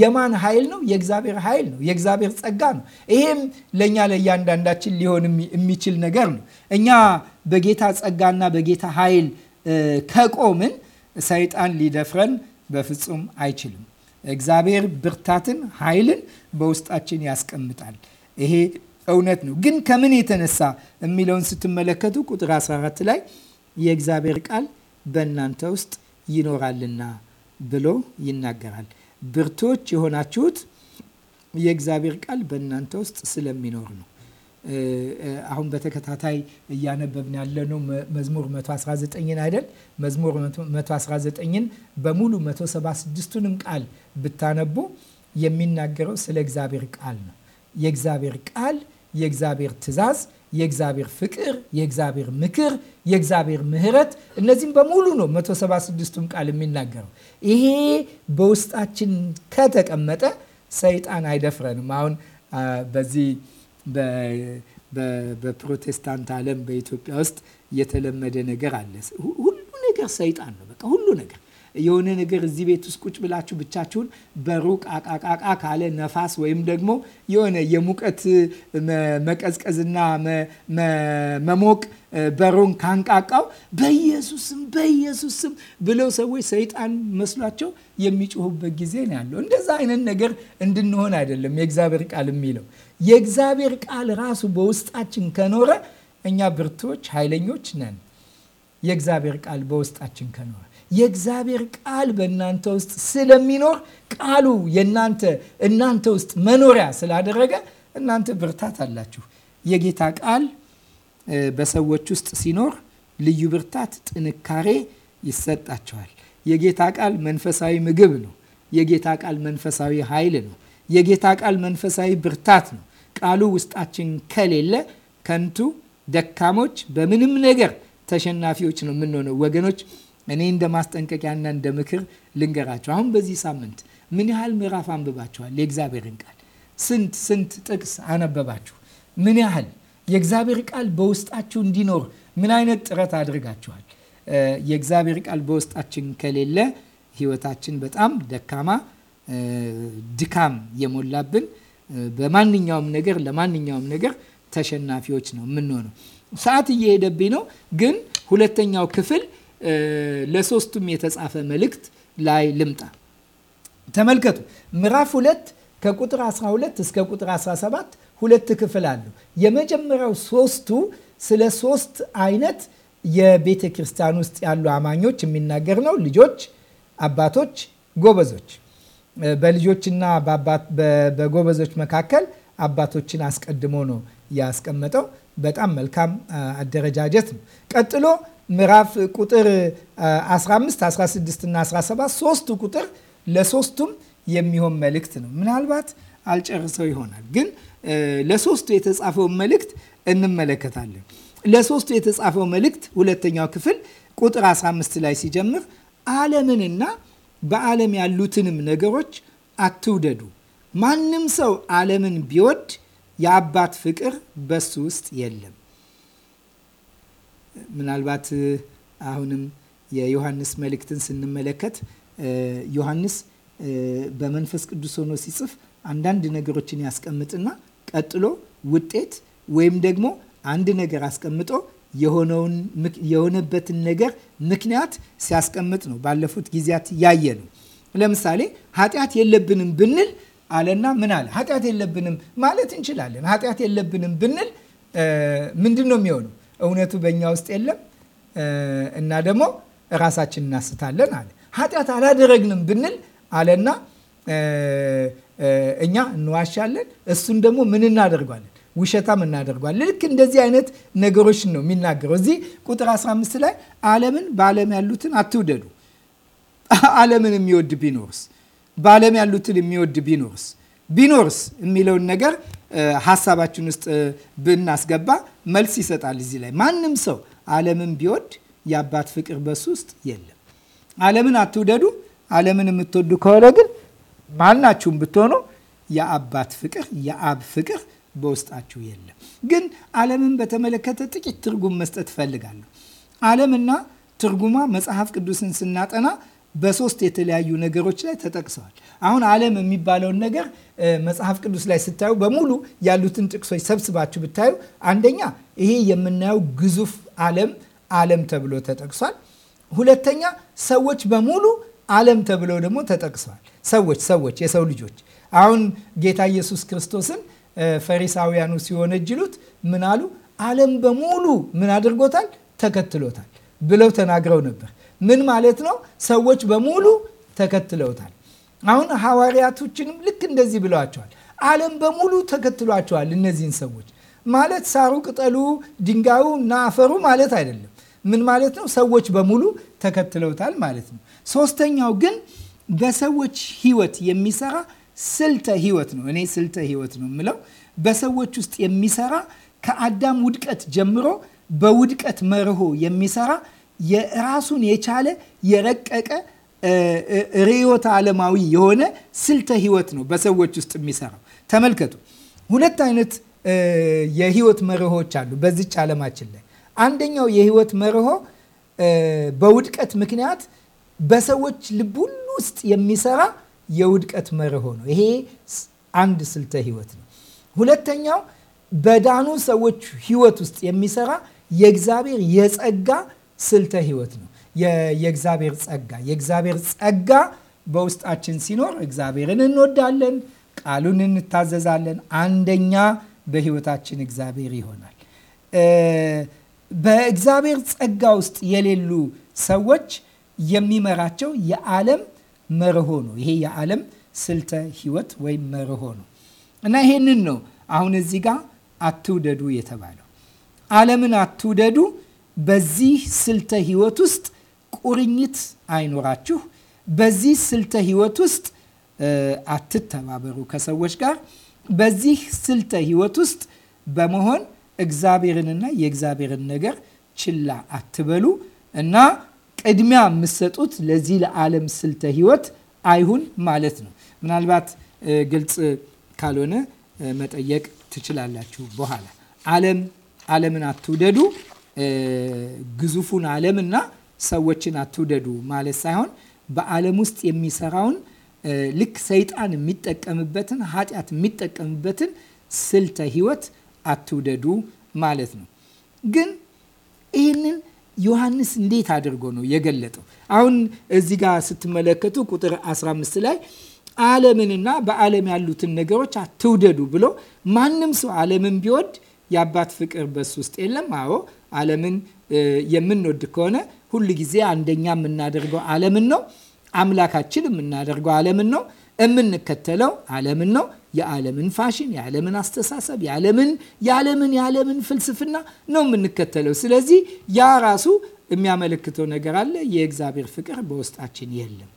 የማን ኃይል ነው? የእግዚአብሔር ኃይል ነው። የእግዚአብሔር ጸጋ ነው። ይሄም ለእኛ ለእያንዳንዳችን ሊሆን የሚችል ነገር ነው። እኛ በጌታ ጸጋና በጌታ ኃይል ከቆምን ሰይጣን ሊደፍረን በፍጹም አይችልም። እግዚአብሔር ብርታትን፣ ኃይልን በውስጣችን ያስቀምጣል። ይሄ እውነት ነው። ግን ከምን የተነሳ የሚለውን ስትመለከቱ ቁጥር 14 ላይ የእግዚአብሔር ቃል በእናንተ ውስጥ ይኖራልና ብሎ ይናገራል። ብርቶች የሆናችሁት የእግዚአብሔር ቃል በእናንተ ውስጥ ስለሚኖር ነው። አሁን በተከታታይ እያነበብን ነው መዝሙር 119ን አይደል? መዝሙር 119ን በሙሉ 176ቱንም ቃል ብታነቡ የሚናገረው ስለ እግዚአብሔር ቃል ነው። የእግዚአብሔር ቃል፣ የእግዚአብሔር ትእዛዝ፣ የእግዚአብሔር ፍቅር፣ የእግዚአብሔር ምክር፣ የእግዚአብሔር ምሕረት፣ እነዚህም በሙሉ ነው 176ቱም ቃል የሚናገረው። ይሄ በውስጣችን ከተቀመጠ ሰይጣን አይደፍረንም። አሁን በዚህ በፕሮቴስታንት ዓለም በኢትዮጵያ ውስጥ የተለመደ ነገር አለ። ሁሉ ነገር ሰይጣን ነው። በቃ ሁሉ ነገር የሆነ ነገር እዚህ ቤት ውስጥ ቁጭ ብላችሁ ብቻችሁን በሩቅ አቃቃቃ ካለ ነፋስ ወይም ደግሞ የሆነ የሙቀት መቀዝቀዝና መሞቅ በሩን ካንቃቃው በኢየሱስም በኢየሱስም ብለው ሰዎች ሰይጣን መስሏቸው የሚጮሁበት ጊዜ ነው ያለው። እንደዛ አይነት ነገር እንድንሆን አይደለም የእግዚአብሔር ቃል የሚለው የእግዚአብሔር ቃል ራሱ በውስጣችን ከኖረ እኛ ብርቶች፣ ኃይለኞች ነን። የእግዚአብሔር ቃል በውስጣችን ከኖረ የእግዚአብሔር ቃል በእናንተ ውስጥ ስለሚኖር ቃሉ የእናንተ እናንተ ውስጥ መኖሪያ ስላደረገ እናንተ ብርታት አላችሁ። የጌታ ቃል በሰዎች ውስጥ ሲኖር ልዩ ብርታት፣ ጥንካሬ ይሰጣቸዋል። የጌታ ቃል መንፈሳዊ ምግብ ነው። የጌታ ቃል መንፈሳዊ ኃይል ነው። የጌታ ቃል መንፈሳዊ ብርታት ነው። ቃሉ ውስጣችን ከሌለ ከንቱ፣ ደካሞች፣ በምንም ነገር ተሸናፊዎች ነው የምንሆነው። ወገኖች እኔ እንደ ማስጠንቀቂያና እንደ ምክር ልንገራቸው። አሁን በዚህ ሳምንት ምን ያህል ምዕራፍ አንብባችኋል? የእግዚአብሔርን ቃል ስንት ስንት ጥቅስ አነበባችሁ? ምን ያህል የእግዚአብሔር ቃል በውስጣችሁ እንዲኖር ምን አይነት ጥረት አድርጋችኋል? የእግዚአብሔር ቃል በውስጣችን ከሌለ ህይወታችን በጣም ደካማ ድካም የሞላብን በማንኛውም ነገር ለማንኛውም ነገር ተሸናፊዎች ነው የምንሆነው። ሰዓት እየሄደብኝ ነው፣ ግን ሁለተኛው ክፍል ለሶስቱም የተጻፈ መልእክት ላይ ልምጣ። ተመልከቱ ምዕራፍ ሁለት ከቁጥር 12 እስከ ቁጥር 17 ሁለት ክፍል አሉ። የመጀመሪያው ሶስቱ ስለ ሶስት አይነት የቤተ ክርስቲያን ውስጥ ያሉ አማኞች የሚናገር ነው። ልጆች፣ አባቶች፣ ጎበዞች በልጆችና በጎበዞች መካከል አባቶችን አስቀድሞ ነው ያስቀመጠው። በጣም መልካም አደረጃጀት ነው። ቀጥሎ ምዕራፍ ቁጥር 15፣ 16 እና 17 ሶስቱ ቁጥር ለሶስቱም የሚሆን መልእክት ነው። ምናልባት አልጨርሰው ይሆናል ግን ለሶስቱ የተጻፈውን መልእክት እንመለከታለን። ለሶስቱ የተጻፈው መልእክት ሁለተኛው ክፍል ቁጥር 15 ላይ ሲጀምር ዓለምንና በዓለም ያሉትንም ነገሮች አትውደዱ። ማንም ሰው ዓለምን ቢወድ የአባት ፍቅር በሱ ውስጥ የለም። ምናልባት አሁንም የዮሐንስ መልእክትን ስንመለከት ዮሐንስ በመንፈስ ቅዱስ ሆኖ ሲጽፍ አንዳንድ ነገሮችን ያስቀምጥና ቀጥሎ ውጤት ወይም ደግሞ አንድ ነገር አስቀምጦ የሆነበትን ነገር ምክንያት ሲያስቀምጥ ነው። ባለፉት ጊዜያት ያየ ነው። ለምሳሌ ኃጢአት የለብንም ብንል አለና ምን አለ? ኃጢአት የለብንም ማለት እንችላለን። ኃጢአት የለብንም ብንል ምንድን ነው የሚሆነው? እውነቱ በእኛ ውስጥ የለም እና ደግሞ ራሳችን እናስታለን አለ። ኃጢአት አላደረግንም ብንል አለና እኛ እንዋሻለን፣ እሱን ደግሞ ምን እናደርጓለን? ውሸታም እናደርጓል። ልክ እንደዚህ አይነት ነገሮችን ነው የሚናገረው። እዚህ ቁጥር 15 ላይ ዓለምን በዓለም ያሉትን አትውደዱ። *laughs* ዓለምን የሚወድ ቢኖርስ በዓለም ያሉትን የሚወድ ቢኖርስ ቢኖርስ የሚለውን ነገር ሀሳባችን ውስጥ ብናስገባ መልስ ይሰጣል። እዚህ ላይ ማንም ሰው ዓለምን ቢወድ የአባት ፍቅር በሱ ውስጥ የለም። ዓለምን አትውደዱ። ዓለምን የምትወዱ ከሆነ ግን ማናችሁም ብትሆኑ የአባት ፍቅር የአብ ፍቅር በውስጣችሁ የለም። ግን ዓለምን በተመለከተ ጥቂት ትርጉም መስጠት እፈልጋለሁ። ዓለምና ትርጉሟ መጽሐፍ ቅዱስን ስናጠና በሶስት የተለያዩ ነገሮች ላይ ተጠቅሰዋል። አሁን ዓለም የሚባለውን ነገር መጽሐፍ ቅዱስ ላይ ስታዩ በሙሉ ያሉትን ጥቅሶች ሰብስባችሁ ብታዩ አንደኛ ይሄ የምናየው ግዙፍ ዓለም ዓለም ተብሎ ተጠቅሷል። ሁለተኛ ሰዎች በሙሉ ዓለም ተብለው ደግሞ ተጠቅሰዋል። ሰዎች ሰዎች የሰው ልጆች አሁን ጌታ ኢየሱስ ክርስቶስን ፈሪሳውያኑ ሲወነጅሉት ምን አሉ? ዓለም በሙሉ ምን አድርጎታል? ተከትሎታል ብለው ተናግረው ነበር። ምን ማለት ነው? ሰዎች በሙሉ ተከትለውታል። አሁን ሐዋርያቶችንም ልክ እንደዚህ ብለዋቸዋል። ዓለም በሙሉ ተከትሏቸዋል እነዚህን ሰዎች ማለት ሳሩ፣ ቅጠሉ፣ ድንጋዩ እና አፈሩ ማለት አይደለም። ምን ማለት ነው? ሰዎች በሙሉ ተከትለውታል ማለት ነው። ሶስተኛው ግን በሰዎች ህይወት የሚሰራ ስልተ ህይወት ነው። እኔ ስልተ ህይወት ነው የምለው በሰዎች ውስጥ የሚሰራ ከአዳም ውድቀት ጀምሮ በውድቀት መርሆ የሚሰራ የራሱን የቻለ የረቀቀ ርዕዮተ ዓለማዊ የሆነ ስልተ ህይወት ነው በሰዎች ውስጥ የሚሰራው። ተመልከቱ፣ ሁለት አይነት የህይወት መርሆች አሉ በዚች ዓለማችን ላይ። አንደኛው የህይወት መርሆ በውድቀት ምክንያት በሰዎች ልብ ሁሉ ውስጥ የሚሰራ የውድቀት መርሆ ነው። ይሄ አንድ ስልተ ህይወት ነው። ሁለተኛው በዳኑ ሰዎች ህይወት ውስጥ የሚሰራ የእግዚአብሔር የጸጋ ስልተ ህይወት ነው። የእግዚአብሔር ጸጋ የእግዚአብሔር ጸጋ በውስጣችን ሲኖር እግዚአብሔርን እንወዳለን፣ ቃሉን እንታዘዛለን። አንደኛ በህይወታችን እግዚአብሔር ይሆናል። በእግዚአብሔር ጸጋ ውስጥ የሌሉ ሰዎች የሚመራቸው የዓለም መርሆ ነው። ይሄ የዓለም ስልተ ህይወት ወይም መርሆ ነው እና ይሄንን ነው አሁን እዚህ ጋር አትውደዱ የተባለው። ዓለምን አትውደዱ፣ በዚህ ስልተ ህይወት ውስጥ ቁርኝት አይኖራችሁ፣ በዚህ ስልተ ህይወት ውስጥ አትተባበሩ ከሰዎች ጋር፣ በዚህ ስልተ ህይወት ውስጥ በመሆን እግዚአብሔርንና የእግዚአብሔርን ነገር ችላ አትበሉ እና ቅድሚያ የምትሰጡት ለዚህ ለዓለም ስልተ ህይወት አይሁን ማለት ነው። ምናልባት ግልጽ ካልሆነ መጠየቅ ትችላላችሁ በኋላ። ዓለም ዓለምን አትውደዱ ግዙፉን ዓለም እና ሰዎችን አትውደዱ ማለት ሳይሆን በዓለም ውስጥ የሚሰራውን ልክ ሰይጣን የሚጠቀምበትን ኃጢአት የሚጠቀምበትን ስልተ ህይወት አትውደዱ ማለት ነው ግን ይህንን ዮሐንስ እንዴት አድርጎ ነው የገለጠው? አሁን እዚህ ጋር ስትመለከቱ ቁጥር 15 ላይ ዓለምንና በዓለም ያሉትን ነገሮች አትውደዱ ብሎ ማንም ሰው ዓለምን ቢወድ የአባት ፍቅር በሱ ውስጥ የለም። አዎ ዓለምን የምንወድ ከሆነ ሁል ጊዜ አንደኛ የምናደርገው ዓለምን ነው። አምላካችን የምናደርገው ዓለምን ነው። የምንከተለው ዓለምን ነው። የዓለምን ፋሽን፣ የዓለምን አስተሳሰብ፣ የዓለምን የዓለምን የዓለምን ፍልስፍና ነው የምንከተለው። ስለዚህ ያ ራሱ የሚያመለክተው ነገር አለ። የእግዚአብሔር ፍቅር በውስጣችን የለም።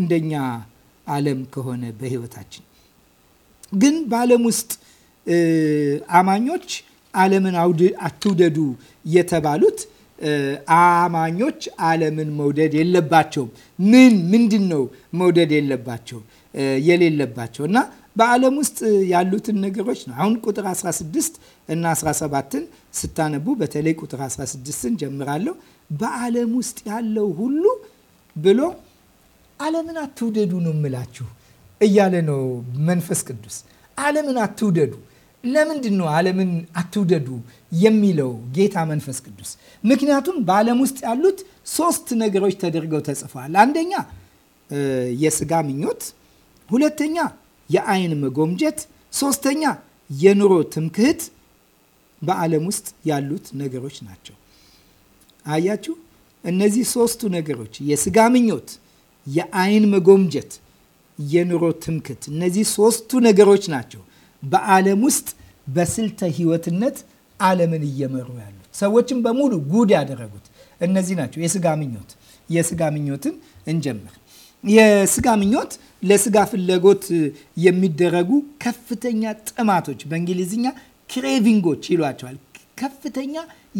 እንደኛ ዓለም ከሆነ በህይወታችን ግን በዓለም ውስጥ አማኞች ዓለምን አትውደዱ የተባሉት አማኞች ዓለምን መውደድ የለባቸውም። ምን ምንድን ነው መውደድ የለባቸው የሌለባቸው እና በዓለም ውስጥ ያሉትን ነገሮች ነው። አሁን ቁጥር 16 እና 17ን ስታነቡ በተለይ ቁጥር 16ን ጀምራለሁ። በዓለም ውስጥ ያለው ሁሉ ብሎ ዓለምን አትውደዱ ነው የምላችሁ እያለ ነው መንፈስ ቅዱስ። ዓለምን አትውደዱ። ለምንድን ነው ዓለምን አትውደዱ የሚለው ጌታ መንፈስ ቅዱስ? ምክንያቱም በዓለም ውስጥ ያሉት ሶስት ነገሮች ተደርገው ተጽፈዋል። አንደኛ የስጋ ምኞት፣ ሁለተኛ የአይን መጎምጀት፣ ሶስተኛ የኑሮ ትምክህት በዓለም ውስጥ ያሉት ነገሮች ናቸው። አያችሁ፣ እነዚህ ሶስቱ ነገሮች የስጋ ምኞት፣ የአይን መጎምጀት፣ የኑሮ ትምክህት፣ እነዚህ ሶስቱ ነገሮች ናቸው በዓለም ውስጥ በስልተ ህይወትነት ዓለምን እየመሩ ያሉት ሰዎችን በሙሉ ጉድ ያደረጉት እነዚህ ናቸው። የስጋ ምኞት የስጋ ምኞትን እንጀምር። የስጋ ምኞት ለስጋ ፍላጎት የሚደረጉ ከፍተኛ ጥማቶች በእንግሊዝኛ ክሬቪንጎች ይሏቸዋል። ከፍተኛ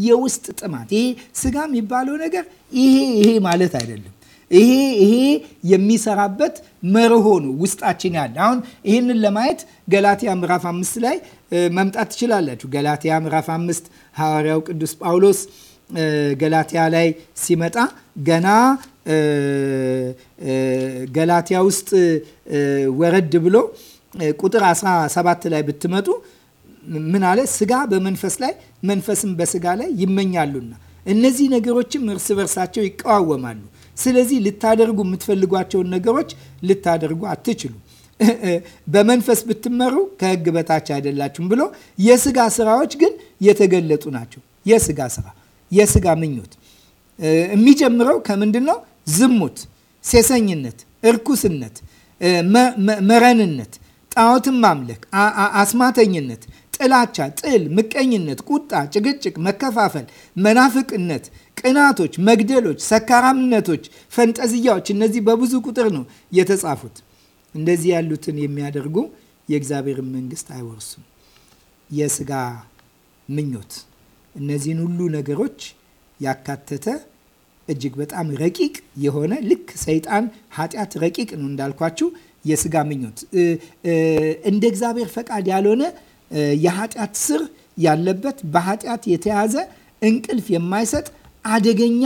የውስጥ ጥማት። ይሄ ስጋ የሚባለው ነገር ይሄ ይሄ ማለት አይደለም። ይሄ ይሄ የሚሰራበት መርሆ ነው ውስጣችን ያለ። አሁን ይህንን ለማየት ገላትያ ምዕራፍ አምስት ላይ መምጣት ትችላላችሁ። ገላትያ ምዕራፍ አምስት ሐዋርያው ቅዱስ ጳውሎስ ገላትያ ላይ ሲመጣ ገና ገላትያ ውስጥ ወረድ ብሎ ቁጥር 17 ላይ ብትመጡ ምን አለ? ስጋ በመንፈስ ላይ መንፈስም በስጋ ላይ ይመኛሉና እነዚህ ነገሮችም እርስ በርሳቸው ይቀዋወማሉ። ስለዚህ ልታደርጉ የምትፈልጓቸውን ነገሮች ልታደርጉ አትችሉ። በመንፈስ ብትመሩ ከህግ በታች አይደላችሁም ብሎ የስጋ ስራዎች ግን የተገለጡ ናቸው። የስጋ ስራ፣ የስጋ ምኞት የሚጀምረው ከምንድን ነው? ዝሙት፣ ሴሰኝነት፣ እርኩስነት፣ መረንነት፣ ጣዖትን ማምለክ፣ አስማተኝነት፣ ጥላቻ፣ ጥል፣ ምቀኝነት፣ ቁጣ፣ ጭቅጭቅ፣ መከፋፈል፣ መናፍቅነት፣ ቅናቶች፣ መግደሎች፣ ሰካራምነቶች፣ ፈንጠዝያዎች እነዚህ በብዙ ቁጥር ነው የተጻፉት። እንደዚህ ያሉትን የሚያደርጉ የእግዚአብሔርን መንግስት አይወርሱም። የስጋ ምኞት እነዚህን ሁሉ ነገሮች ያካተተ እጅግ በጣም ረቂቅ የሆነ ልክ ሰይጣን ኃጢአት ረቂቅ ነው እንዳልኳችሁ የስጋ ምኞት እንደ እግዚአብሔር ፈቃድ ያልሆነ የኃጢአት ስር ያለበት በኃጢአት የተያዘ እንቅልፍ የማይሰጥ አደገኛ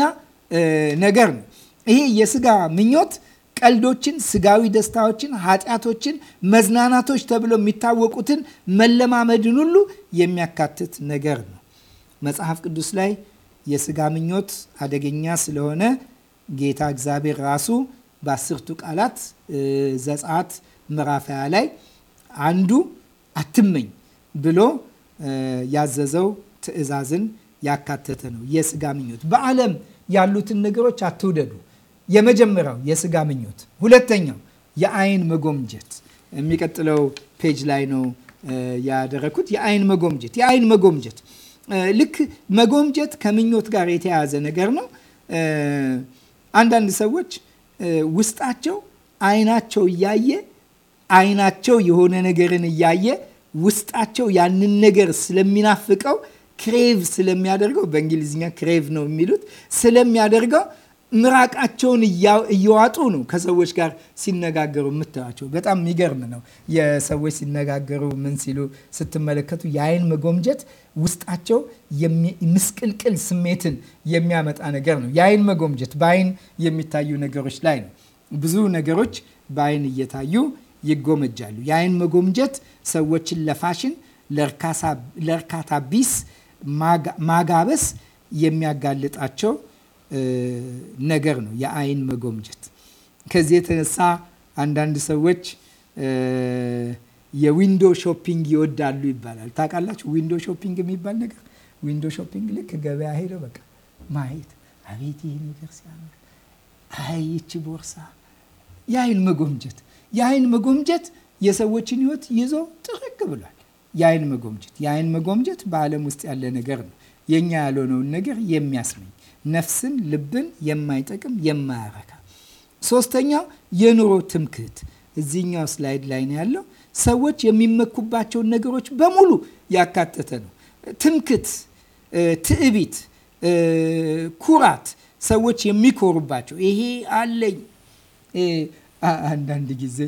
ነገር ነው። ይሄ የስጋ ምኞት ቀልዶችን፣ ስጋዊ ደስታዎችን፣ ኃጢአቶችን፣ መዝናናቶች ተብሎ የሚታወቁትን መለማመድን ሁሉ የሚያካትት ነገር ነው። መጽሐፍ ቅዱስ ላይ የስጋ ምኞት አደገኛ ስለሆነ ጌታ እግዚአብሔር ራሱ በአስርቱ ቃላት ዘጸአት ምዕራፍ ሃያ ላይ አንዱ አትመኝ ብሎ ያዘዘው ትእዛዝን ያካተተ ነው። የስጋ ምኞት በዓለም ያሉትን ነገሮች አትውደዱ። የመጀመሪያው የስጋ ምኞት፣ ሁለተኛው የአይን መጎምጀት። የሚቀጥለው ፔጅ ላይ ነው ያደረግኩት። የአይን መጎምጀት የአይን መጎምጀት ልክ መጎምጀት ከምኞት ጋር የተያያዘ ነገር ነው። አንዳንድ ሰዎች ውስጣቸው አይናቸው እያየ አይናቸው የሆነ ነገርን እያየ ውስጣቸው ያንን ነገር ስለሚናፍቀው ክሬቭ ስለሚያደርገው በእንግሊዝኛ ክሬቭ ነው የሚሉት ስለሚያደርገው ምራቃቸውን እየዋጡ ነው ከሰዎች ጋር ሲነጋገሩ የምታያቸው። በጣም የሚገርም ነው። የሰዎች ሲነጋገሩ ምን ሲሉ ስትመለከቱ የአይን መጎምጀት ውስጣቸው ምስቅልቅል ስሜትን የሚያመጣ ነገር ነው። የአይን መጎምጀት በአይን የሚታዩ ነገሮች ላይ ነው። ብዙ ነገሮች በአይን እየታዩ ይጎመጃሉ። የአይን መጎምጀት ሰዎችን ለፋሽን ለእርካታ ቢስ ማጋበስ የሚያጋልጣቸው ነገር ነው የአይን መጎምጀት። ከዚህ የተነሳ አንዳንድ ሰዎች የዊንዶ ሾፒንግ ይወዳሉ ይባላል። ታውቃላችሁ ዊንዶ ሾፒንግ የሚባል ነገር ዊንዶ ሾፒንግ ልክ ገበያ ሄደው በቃ ማየት፣ አቤት ይሄ ነገር ሲያምር፣ አይ ይቺ ቦርሳ፣ የአይን መጎምጀት። የአይን መጎምጀት የሰዎችን ህይወት ይዞ ጥርቅ ብሏል። የአይን መጎምጀት የአይን መጎምጀት በዓለም ውስጥ ያለ ነገር ነው። የኛ ያልሆነውን ነገር የሚያስመኝ ነፍስን፣ ልብን የማይጠቅም የማያረካ። ሶስተኛው የኑሮ ትምክህት እዚህኛው ስላይድ ላይ ነው ያለው። ሰዎች የሚመኩባቸውን ነገሮች በሙሉ ያካተተ ነው። ትምክት፣ ትዕቢት፣ ኩራት፣ ሰዎች የሚኮሩባቸው ይሄ አለኝ። አንዳንድ ጊዜ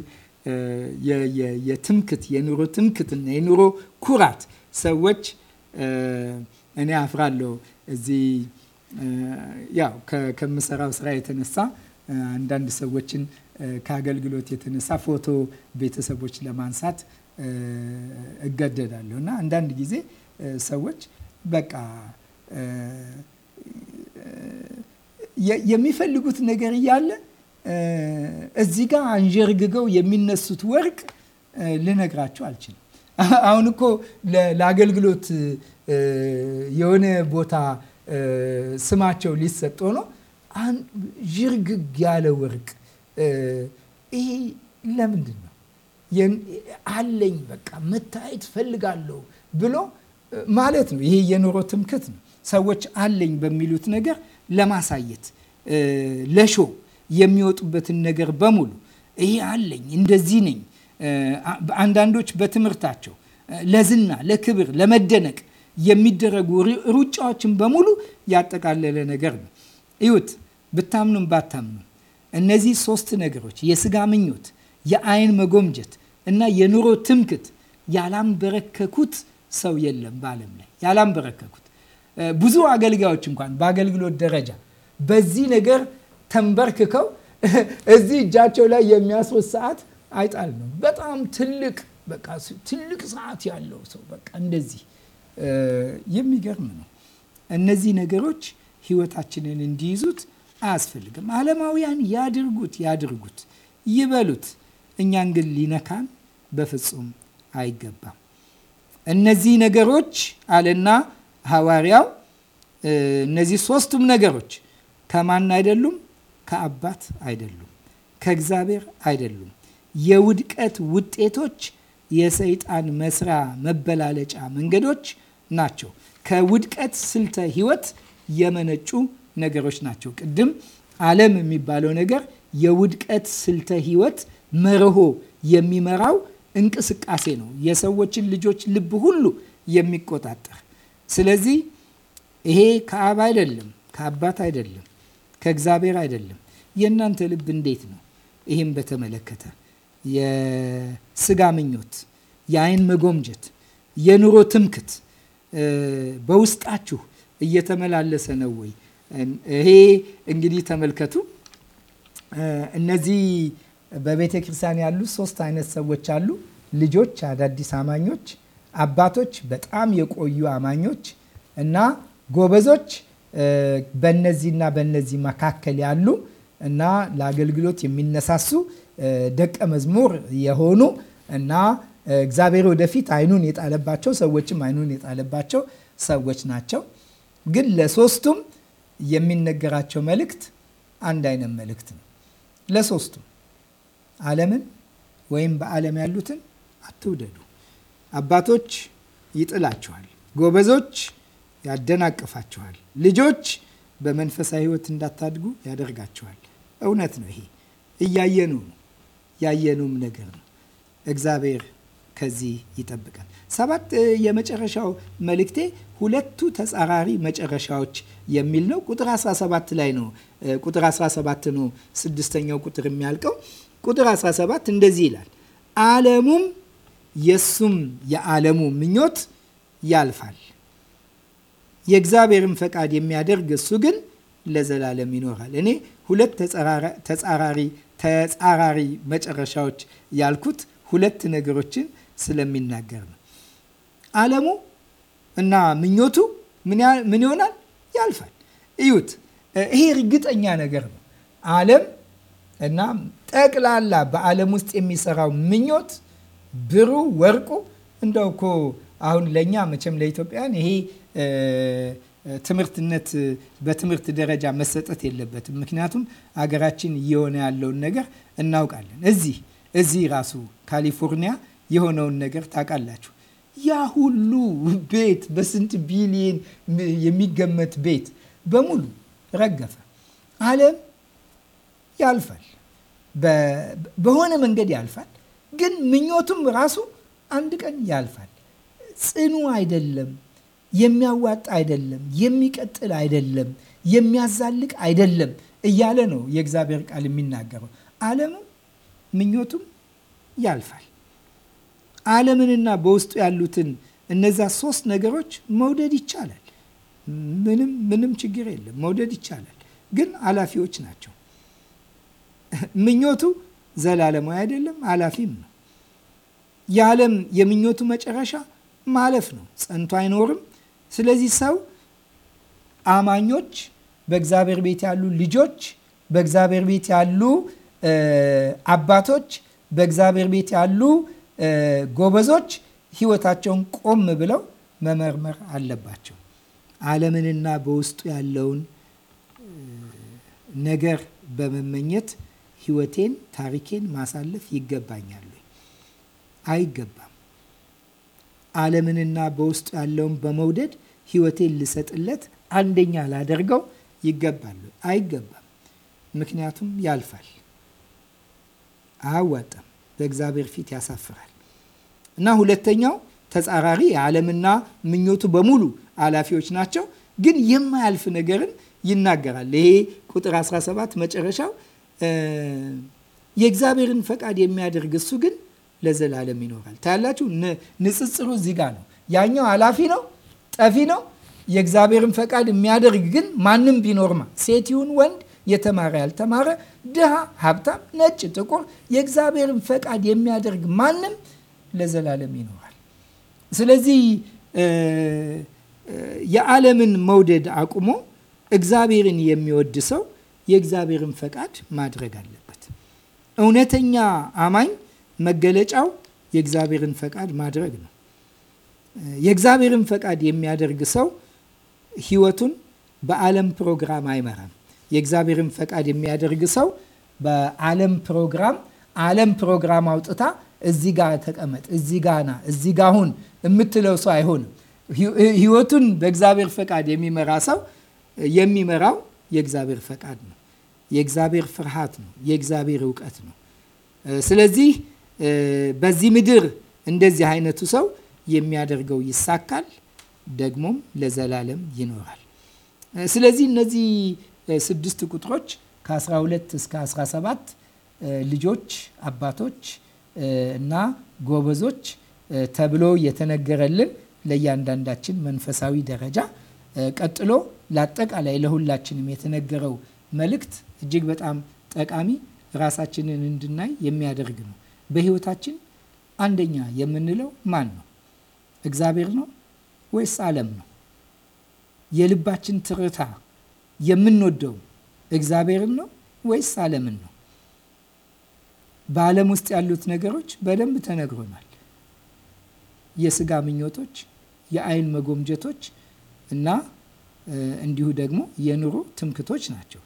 የትምክት የኑሮ ትምክትና የኑሮ ኩራት ሰዎች እኔ አፍራለሁ እዚህ ያው ከምሰራው ስራ የተነሳ አንዳንድ ሰዎችን ከአገልግሎት የተነሳ ፎቶ ቤተሰቦች ለማንሳት እገደዳለሁ እና አንዳንድ ጊዜ ሰዎች በቃ የሚፈልጉት ነገር እያለ እዚህ ጋር አንዠርግገው የሚነሱት ወርቅ ልነግራችሁ አልችልም። አሁን እኮ ለአገልግሎት የሆነ ቦታ ስማቸው ሊሰጥ ሆኖ ዥርግግ ያለ ወርቅ ይሄ ለምንድን ነው አለኝ በቃ መታየት ፈልጋለሁ ብሎ ማለት ነው። ይሄ የኑሮ ትምክት ነው። ሰዎች አለኝ በሚሉት ነገር ለማሳየት ለሾ የሚወጡበትን ነገር በሙሉ ይሄ አለኝ፣ እንደዚህ ነኝ። አንዳንዶች በትምህርታቸው ለዝና፣ ለክብር፣ ለመደነቅ የሚደረጉ ሩጫዎችን በሙሉ ያጠቃለለ ነገር ነው። እዩት። ብታምኑም ባታምኑም እነዚህ ሶስት ነገሮች የስጋ ምኞት፣ የአይን መጎምጀት እና የኑሮ ትምክት ያላንበረከኩት ሰው የለም በዓለም ላይ ያላንበረከኩት ብዙ አገልጋዮች እንኳን በአገልግሎት ደረጃ በዚህ ነገር ተንበርክከው *laughs* እዚህ እጃቸው ላይ የሚያስወስ ሰዓት አይጣል ነው። በጣም ትልቅ በቃ ትልቅ ሰዓት ያለው ሰው በቃ እንደዚህ የሚገርም ነው። እነዚህ ነገሮች ህይወታችንን እንዲይዙት አያስፈልግም። አለማውያን ያድርጉት ያድርጉት ይበሉት፣ እኛን ግን ሊነካን በፍጹም አይገባም። እነዚህ ነገሮች አለና ሐዋርያው እነዚህ ሶስቱም ነገሮች ከማን አይደሉም? ከአባት አይደሉም፣ ከእግዚአብሔር አይደሉም። የውድቀት ውጤቶች፣ የሰይጣን መስሪያ መበላለጫ መንገዶች ናቸው። ከውድቀት ስልተ ህይወት የመነጩ ነገሮች ናቸው። ቅድም ዓለም የሚባለው ነገር የውድቀት ስልተ ህይወት መርሆ የሚመራው እንቅስቃሴ ነው፣ የሰዎችን ልጆች ልብ ሁሉ የሚቆጣጠር። ስለዚህ ይሄ ከአብ አይደለም፣ ከአባት አይደለም፣ ከእግዚአብሔር አይደለም። የእናንተ ልብ እንዴት ነው? ይህም በተመለከተ የስጋ ምኞት፣ የአይን መጎምጀት፣ የኑሮ ትምክት በውስጣችሁ እየተመላለሰ ነው ወይ? ይሄ እንግዲህ ተመልከቱ። እነዚህ በቤተ ክርስቲያን ያሉ ሶስት አይነት ሰዎች አሉ። ልጆች፣ አዳዲስ አማኞች፣ አባቶች፣ በጣም የቆዩ አማኞች እና ጎበዞች በነዚህና በነዚህ መካከል ያሉ እና ለአገልግሎት የሚነሳሱ ደቀ መዝሙር የሆኑ እና እግዚአብሔር ወደፊት አይኑን የጣለባቸው ሰዎችም አይኑን የጣለባቸው ሰዎች ናቸው። ግን ለሶስቱም የሚነገራቸው መልእክት አንድ አይነት መልእክት ነው። ለሶስቱም ዓለምን ወይም በዓለም ያሉትን አትውደዱ። አባቶች ይጥላችኋል፣ ጎበዞች ያደናቅፋችኋል፣ ልጆች በመንፈሳዊ ሕይወት እንዳታድጉ ያደርጋችኋል። እውነት ነው። ይሄ እያየኑ ያየኑም ነገር ነው እግዚአብሔር ከዚህ ይጠብቃል። ሰባት የመጨረሻው መልእክቴ ሁለቱ ተጻራሪ መጨረሻዎች የሚል ነው። ቁጥር 17 ላይ ነው። ቁጥር 17 ነው ስድስተኛው ቁጥር የሚያልቀው። ቁጥር 17 እንደዚህ ይላል፣ ዓለሙም የሱም የዓለሙ ምኞት ያልፋል፣ የእግዚአብሔርን ፈቃድ የሚያደርግ እሱ ግን ለዘላለም ይኖራል። እኔ ሁለት ተጻራሪ ተጻራሪ መጨረሻዎች ያልኩት ሁለት ነገሮችን ስለሚናገር ነው። ዓለሙ እና ምኞቱ ምን ይሆናል? ያልፋል። እዩት፣ ይሄ እርግጠኛ ነገር ነው። ዓለም እና ጠቅላላ በዓለም ውስጥ የሚሰራው ምኞት ብሩ፣ ወርቁ እንደው እኮ አሁን ለእኛ መቼም ለኢትዮጵያውያን ይሄ ትምህርትነት በትምህርት ደረጃ መሰጠት የለበትም። ምክንያቱም አገራችን እየሆነ ያለውን ነገር እናውቃለን። እዚህ እዚህ ራሱ ካሊፎርኒያ የሆነውን ነገር ታውቃላችሁ። ያ ሁሉ ቤት በስንት ቢሊየን የሚገመት ቤት በሙሉ ረገፈ። ዓለም ያልፋል፣ በሆነ መንገድ ያልፋል። ግን ምኞቱም ራሱ አንድ ቀን ያልፋል። ጽኑ አይደለም፣ የሚያዋጣ አይደለም፣ የሚቀጥል አይደለም፣ የሚያዛልቅ አይደለም እያለ ነው የእግዚአብሔር ቃል የሚናገረው። ዓለምም ምኞቱም ያልፋል። ዓለምንና በውስጡ ያሉትን እነዛ ሶስት ነገሮች መውደድ ይቻላል። ምንም ምንም ችግር የለም፣ መውደድ ይቻላል። ግን አላፊዎች ናቸው። ምኞቱ ዘላለማዊ አይደለም፣ አላፊም ነው። የዓለም የምኞቱ መጨረሻ ማለፍ ነው፣ ጸንቶ አይኖርም። ስለዚህ ሰው አማኞች፣ በእግዚአብሔር ቤት ያሉ ልጆች፣ በእግዚአብሔር ቤት ያሉ አባቶች፣ በእግዚአብሔር ቤት ያሉ ጎበዞች ህይወታቸውን ቆም ብለው መመርመር አለባቸው። ዓለምንና በውስጡ ያለውን ነገር በመመኘት ህይወቴን፣ ታሪኬን ማሳለፍ ይገባኛል? አይገባም። ዓለምንና በውስጡ ያለውን በመውደድ ህይወቴን ልሰጥለት፣ አንደኛ ላደርገው ይገባሉ? አይገባም። ምክንያቱም ያልፋል፣ አያዋጣም፣ በእግዚአብሔር ፊት ያሳፍራል። እና ሁለተኛው ተጻራሪ የዓለምና ምኞቱ በሙሉ አላፊዎች ናቸው። ግን የማያልፍ ነገርን ይናገራል። ይሄ ቁጥር 17 መጨረሻው የእግዚአብሔርን ፈቃድ የሚያደርግ እሱ ግን ለዘላለም ይኖራል። ታያላችሁ፣ ንጽጽሩ እዚህ ጋር ነው። ያኛው አላፊ ነው፣ ጠፊ ነው። የእግዚአብሔርን ፈቃድ የሚያደርግ ግን ማንም ቢኖርማ ሴት ይሁን ወንድ፣ የተማረ ያልተማረ፣ ድሃ፣ ሀብታም፣ ነጭ፣ ጥቁር የእግዚአብሔርን ፈቃድ የሚያደርግ ማንም ለዘላለም ይኖራል። ስለዚህ የዓለምን መውደድ አቁሞ እግዚአብሔርን የሚወድ ሰው የእግዚአብሔርን ፈቃድ ማድረግ አለበት። እውነተኛ አማኝ መገለጫው የእግዚአብሔርን ፈቃድ ማድረግ ነው። የእግዚአብሔርን ፈቃድ የሚያደርግ ሰው ሕይወቱን በዓለም ፕሮግራም አይመራም። የእግዚአብሔርን ፈቃድ የሚያደርግ ሰው በዓለም ፕሮግራም ዓለም ፕሮግራም አውጥታ እዚህ ጋ ተቀመጥ፣ እዚህ ጋ ና፣ እዚህ ጋ ሁን የምትለው ሰው አይሆንም። ህይወቱን በእግዚአብሔር ፈቃድ የሚመራ ሰው የሚመራው የእግዚአብሔር ፈቃድ ነው። የእግዚአብሔር ፍርሃት ነው። የእግዚአብሔር እውቀት ነው። ስለዚህ በዚህ ምድር እንደዚህ አይነቱ ሰው የሚያደርገው ይሳካል፣ ደግሞም ለዘላለም ይኖራል። ስለዚህ እነዚህ ስድስት ቁጥሮች ከ12 እስከ 17 ልጆች አባቶች እና ጎበዞች ተብሎ የተነገረልን ለእያንዳንዳችን መንፈሳዊ ደረጃ ቀጥሎ ለአጠቃላይ ለሁላችንም የተነገረው መልእክት እጅግ በጣም ጠቃሚ ራሳችንን እንድናይ የሚያደርግ ነው። በህይወታችን አንደኛ የምንለው ማን ነው? እግዚአብሔር ነው ወይስ ዓለም ነው? የልባችን ትርታ የምንወደው እግዚአብሔርን ነው ወይስ ዓለምን ነው? በዓለም ውስጥ ያሉት ነገሮች በደንብ ተነግሮናል። የስጋ ምኞቶች፣ የአይን መጎምጀቶች እና እንዲሁ ደግሞ የኑሮ ትምክቶች ናቸው።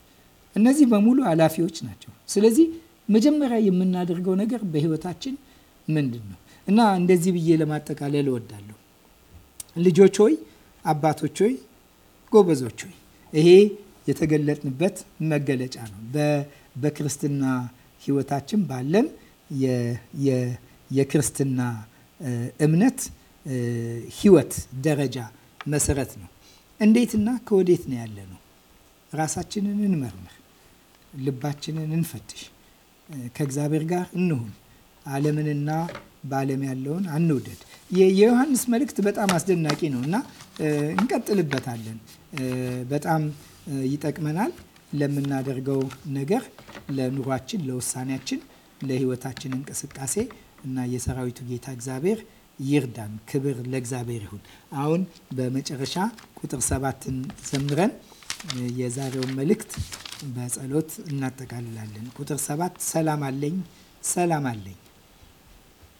እነዚህ በሙሉ ኃላፊዎች ናቸው። ስለዚህ መጀመሪያ የምናደርገው ነገር በህይወታችን ምንድን ነው እና እንደዚህ ብዬ ለማጠቃለል እወዳለሁ። ልጆች ሆይ፣ አባቶች ሆይ፣ ጎበዞች ሆይ ይሄ የተገለጥንበት መገለጫ ነው በክርስትና ህይወታችን ባለን የክርስትና እምነት ህይወት ደረጃ መሰረት ነው። እንዴትና ከወዴት ነው ያለ ነው? ራሳችንን እንመርምር፣ ልባችንን እንፈትሽ፣ ከእግዚአብሔር ጋር እንሁን፣ ዓለምንና በዓለም ያለውን አንውደድ። የዮሐንስ መልእክት በጣም አስደናቂ ነው እና እንቀጥልበታለን። በጣም ይጠቅመናል። ለምናደርገው ነገር፣ ለኑሯችን፣ ለውሳኔያችን፣ ለህይወታችን እንቅስቃሴ እና የሰራዊቱ ጌታ እግዚአብሔር ይርዳን። ክብር ለእግዚአብሔር ይሁን። አሁን በመጨረሻ ቁጥር ሰባትን ዘምረን የዛሬውን መልእክት በጸሎት እናጠቃልላለን። ቁጥር ሰባት ሰላም አለኝ፣ ሰላም አለኝ